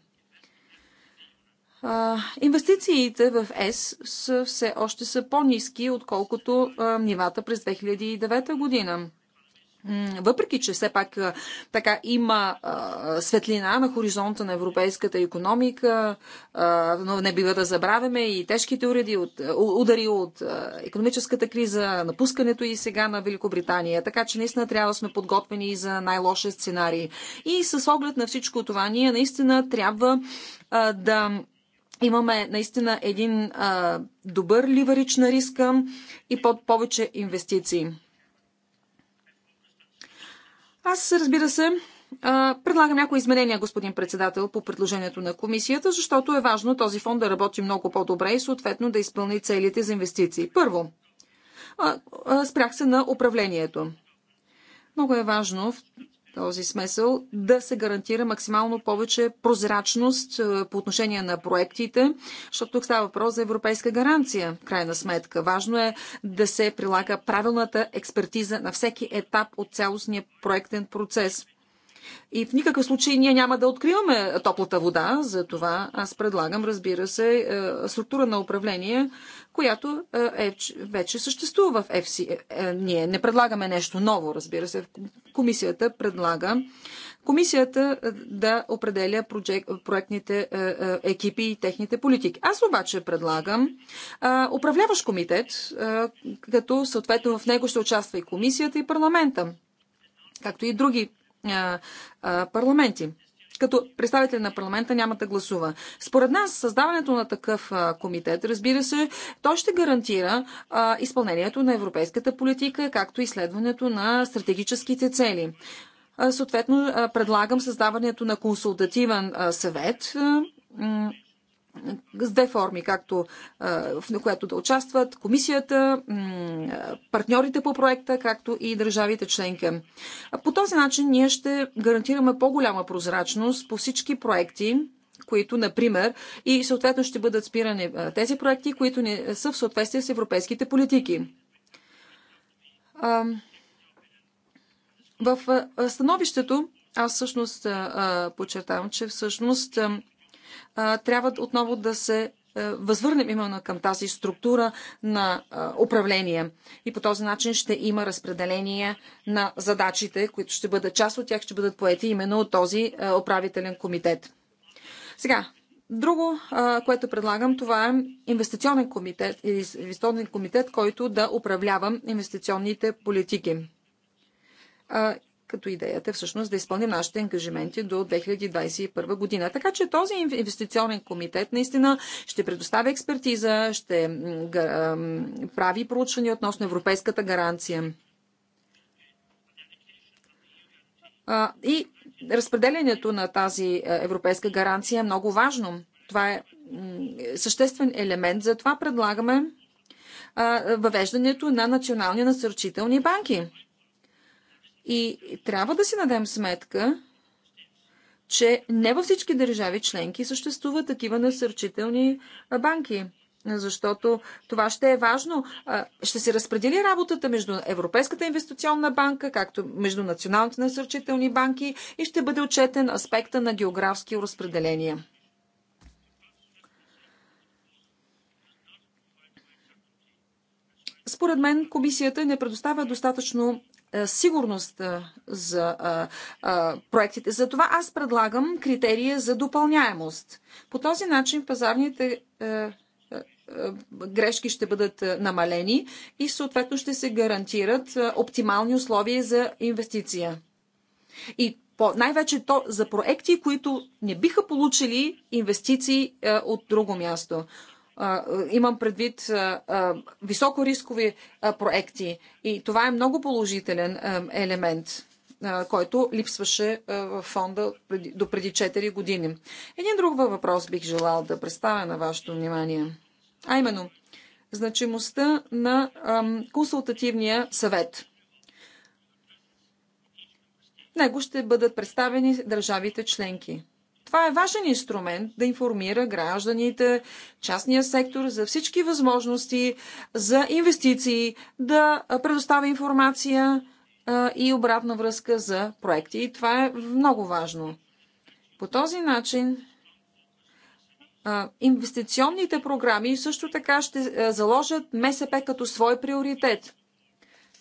[SPEAKER 2] Инвестициите в ЕС са все още са по-низки, отколкото нивата през 2009 година въпреки че все пак така има а, светлина на хоризонта на европейската економика, а, но не бива да забравяме и тежките уреди от, удари от а, економическата криза, напускането и сега на Великобритания. Така че наистина трябва да сме подготвени за най-лошия сценарий. И с оглед на всичко това, ние наистина трябва а, да имаме наистина един а, добър ливарич на риска и под повече инвестиции. Аз, разбира се, предлагам някои изменения, господин председател, по предложението на комисията, защото е важно този фонд да работи много по-добре и съответно да изпълни целите за инвестиции. Първо, спрях се на управлението. Много е важно този смисъл да се гарантира максимално повече прозрачност е, по отношение на проектите, защото тук става въпрос за европейска гаранция, в крайна сметка. Важно е да се прилага правилната експертиза на всеки етап от цялостния проектен процес. И в никакъв случай ние няма да откриваме топлата вода, затова аз предлагам, разбира се, е, структура на управление, която е, е вече съществува в ФС. Е, ние не предлагаме нещо ново, разбира се. Комисията предлага комисията да определя проектните екипи и техните политики. Аз обаче предлагам управляващ комитет, като съответно в него ще участва и комисията и парламента, както и други парламенти като представител на парламента няма да гласува. Според нас, създаването на такъв комитет, разбира се, той ще гарантира а, изпълнението на европейската политика, както и следването на стратегическите цели. А, съответно, а, предлагам създаването на консултативен съвет с две форми, както в която да участват комисията, партньорите по проекта, както и държавите членка. По този начин ние ще гарантираме по-голяма прозрачност по всички проекти, които, например, и съответно ще бъдат спирани тези проекти, които не са в съответствие с европейските политики. В становището аз всъщност подчертавам, че всъщност трябва отново да се е, възвърнем именно към тази структура на управление. И по този начин ще има разпределение на задачите, които ще бъдат част от тях, ще бъдат поети именно от този е, управителен комитет. Сега, друго, което предлагам, това е инвестиционен комитет, инвестиционен комитет, който да управлява инвестиционните политики като идеята е всъщност да изпълним нашите ангажименти до 2021 година. Така че този инвестиционен комитет наистина ще предоставя експертиза, ще прави проучвания относно европейската гаранция. И разпределението на тази европейска гаранция е много важно. Това е съществен елемент. Затова предлагаме въвеждането на национални насърчителни банки и трябва да си надем сметка, че не във всички държави членки съществуват такива насърчителни банки. Защото това ще е важно. Ще се разпредели работата между Европейската инвестиционна банка, както между националните насърчителни банки и ще бъде отчетен аспекта на географски разпределения. Според мен комисията не предоставя достатъчно е, сигурност е, за е, проектите. Затова аз предлагам критерия за допълняемост. По този начин пазарните грешки ще бъдат намалени и съответно ще се гарантират оптимални условия за инвестиция. И най-вече то за проекти, които не биха получили инвестиции от друго място имам предвид високорискови проекти. И това е много положителен елемент, който липсваше в фонда до преди 4 години. Един друг въпрос бих желал да представя на вашето внимание. А именно, значимостта на консултативния съвет. Него ще бъдат представени държавите членки. Това е важен инструмент да информира гражданите, частния сектор за всички възможности за инвестиции, да предоставя информация и обратна връзка за проекти. И това е много важно. По този начин инвестиционните програми също така ще заложат МСП като свой приоритет.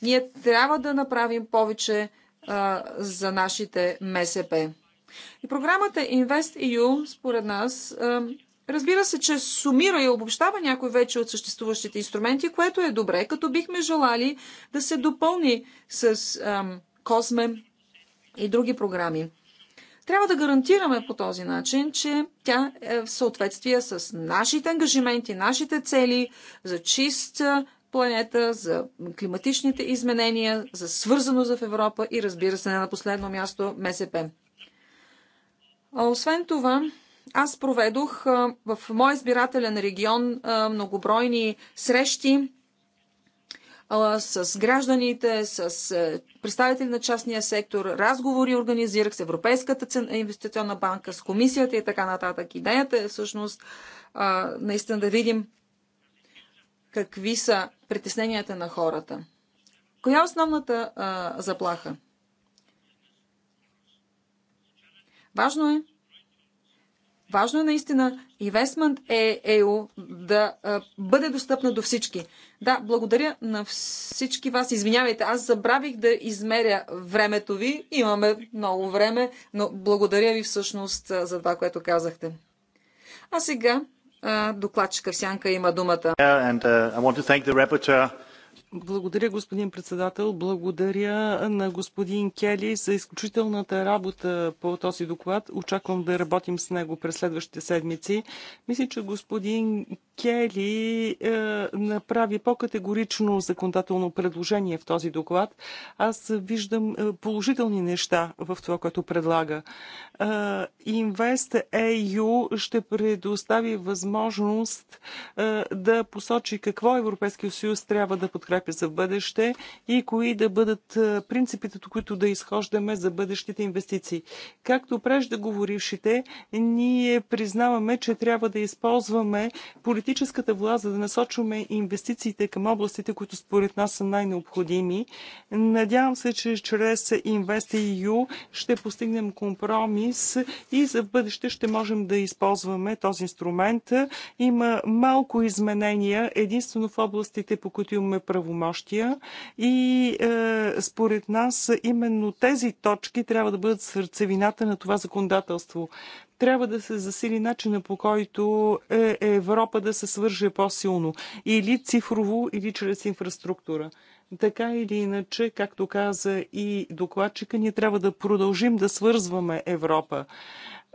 [SPEAKER 2] Ние трябва да направим повече за нашите МСП. И програмата InvestEU, според нас, е, разбира се, че сумира и обобщава някои вече от съществуващите инструменти, което е добре, като бихме желали да се допълни с Косме и други програми. Трябва да гарантираме по този начин, че тя е в съответствие с нашите ангажименти, нашите цели за чиста планета, за климатичните изменения, за свързаност в Европа и разбира се не на последно място МСП. Освен това, аз проведох в моя избирателен регион многобройни срещи с гражданите, с е, представители на частния сектор, разговори организирах с Европейската инвестиционна банка, с комисията и така нататък. Идеята е всъщност наистина да видим какви са притесненията на хората. Коя е основната заплаха? Важно е Важно е наистина Investment EU е, да а, бъде достъпна до всички. Да, благодаря на всички вас. Извинявайте, аз забравих да измеря времето ви. Имаме много време, но благодаря ви всъщност за това, което казахте. А сега а, докладчика
[SPEAKER 1] сянка има думата. And, uh, благодаря, господин председател. Благодаря на господин Кели за изключителната работа по този доклад. Очаквам да работим с него през следващите седмици. Мисля, че господин Кели е, направи по-категорично законодателно предложение в този доклад. Аз виждам е, положителни неща в това, което предлага. Е, ще предостави възможност е, да посочи какво Европейския съюз трябва да подкрепи подкрепя за бъдеще и кои да бъдат принципите, които да изхождаме за бъдещите инвестиции. Както преждеговорившите, ние признаваме, че трябва да използваме политическата власт, за да насочваме инвестициите към областите, които според нас са най-необходими. Надявам се, че чрез InvestEU ще постигнем компромис и за бъдеще ще можем да използваме този инструмент. Има малко изменения, единствено в областите, по които имаме право правомощия и е, според нас именно тези точки трябва да бъдат сърцевината на това законодателство. Трябва да се засили начина по който е Европа да се свърже по-силно или цифрово, или чрез инфраструктура. Така или иначе, както каза и докладчика, ние трябва да продължим да свързваме Европа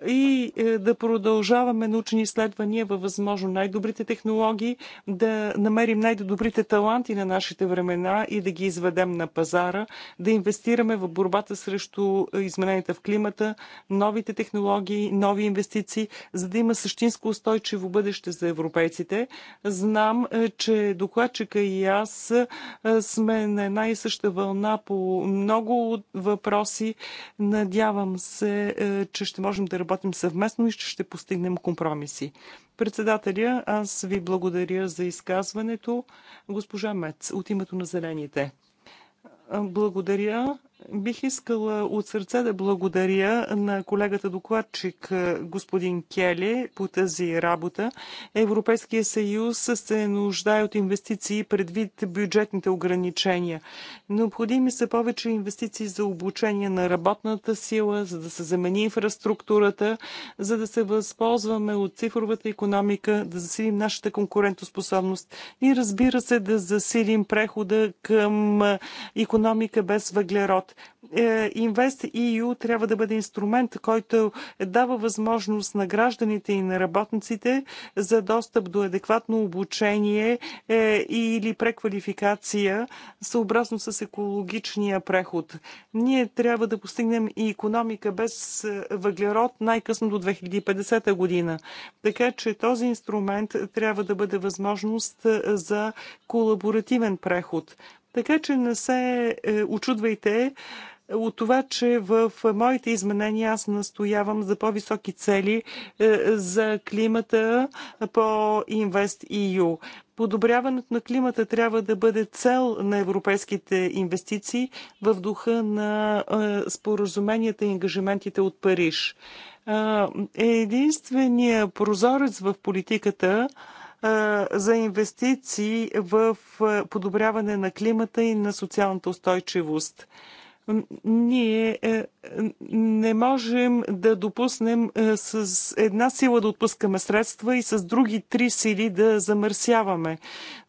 [SPEAKER 1] и е, да продължаваме научни изследвания във възможно най-добрите технологии, да намерим най-добрите таланти на нашите времена и да ги изведем на пазара, да инвестираме в борбата срещу измененията в климата, новите технологии, нови инвестиции, за да има същинско устойчиво бъдеще за европейците. Знам, е, че докладчика и аз е, сме на една и съща вълна по много въпроси. Надявам се, че ще можем да работим работим съвместно и ще постигнем компромиси. Председателя, аз ви благодаря за изказването. Госпожа Мец, от името на Зелените. Благодаря. Бих искала от сърце да благодаря на колегата докладчик е, господин Келе по тази работа. Европейския съюз се нуждае от инвестиции предвид бюджетните ограничения. Необходими са повече инвестиции за обучение на работната сила, за да се замени инфраструктурата, за да се възползваме от цифровата економика, да засилим нашата конкурентоспособност и разбира се да засилим прехода към економика без въглерод инструмент. Инвест трябва да бъде инструмент, който дава възможност на гражданите и на работниците за достъп до адекватно обучение е, или преквалификация съобразно с екологичния преход. Ние трябва да постигнем и економика без въглерод най-късно до 2050 година. Така че този инструмент трябва да бъде възможност за колаборативен преход. Така че не се е, очудвайте от това, че в моите изменения аз настоявам за по-високи цели е, за климата по EU. Подобряването на климата трябва да бъде цел на европейските инвестиции в духа на е, споразуменията и ангажиментите от Париж. Единственият прозорец в политиката – за инвестиции в подобряване на климата и на социалната устойчивост. Ние е, не можем да допуснем е, с една сила да отпускаме средства и с други три сили да замърсяваме.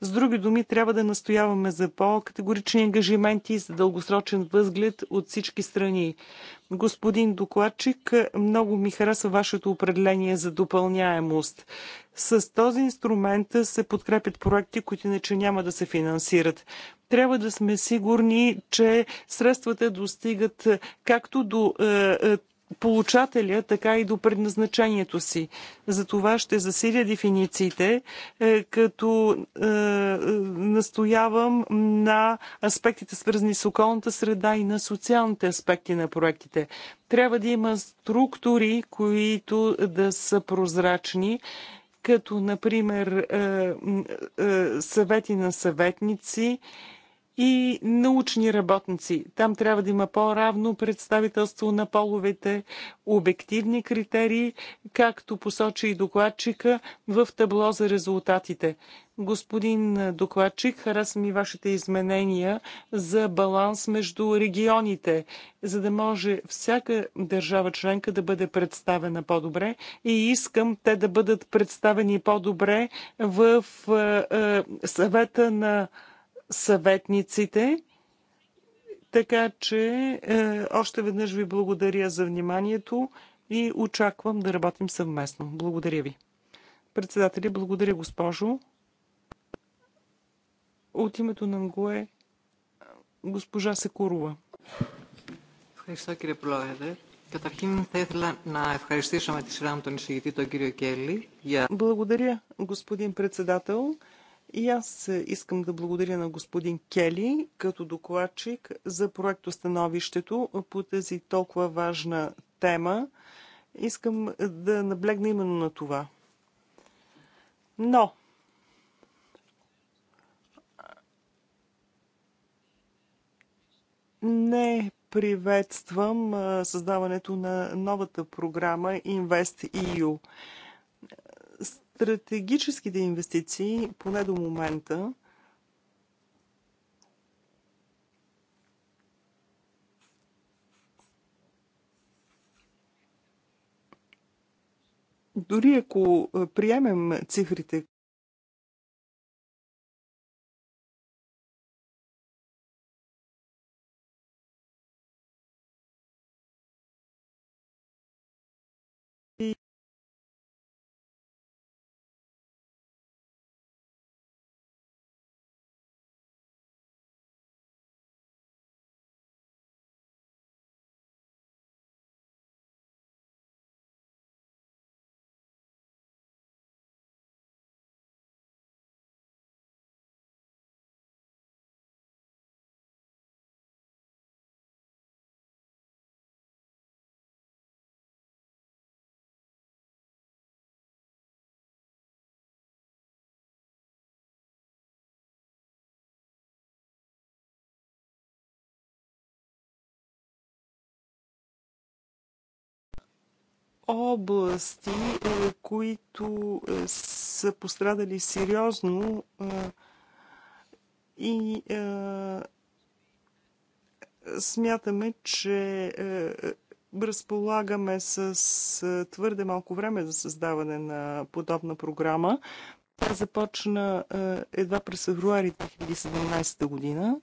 [SPEAKER 1] С други думи, трябва да настояваме за по-категорични ангажименти и за дългосрочен възглед от всички страни. Господин докладчик, много ми харесва вашето определение за допълняемост. С този инструмент се подкрепят проекти, които иначе няма да се финансират. Трябва да сме сигурни, че средствата достигат както до е, е, получателя, така и до предназначението си. За това ще засиля дефинициите, е, като е, настоявам на аспектите свързани с околната среда и на социалните аспекти на проектите. Трябва да има структури, които да са прозрачни като например е, съвети на съветници и научни работници. Там трябва да има по-равно представителство на половете, обективни критерии, както посочи и докладчика в табло за резултатите. Господин докладчик, хареса ми вашите изменения за баланс между регионите, за да може всяка държава членка да бъде представена по-добре и искам те да бъдат представени по-добре в е, е, съвета на съветниците. Така че е, още веднъж ви благодаря за вниманието и очаквам да работим съвместно. Благодаря ви. Председатели, благодаря госпожо. От името на е госпожа Секурова. Благодаря, господин председател. И аз е, искам да благодаря на господин Кели като докладчик за проектостановището по тази толкова важна тема. Искам е, да наблегна именно на това. Но, не приветствам е, създаването на новата програма InvestEU. EU стратегическите инвестиции, поне до момента, дори ако приемем цифрите, области, е, които е, са пострадали сериозно е, и смятаме, че разполагаме с твърде малко време за създаване на подобна програма. Тя започна едва през февруари 2017 година.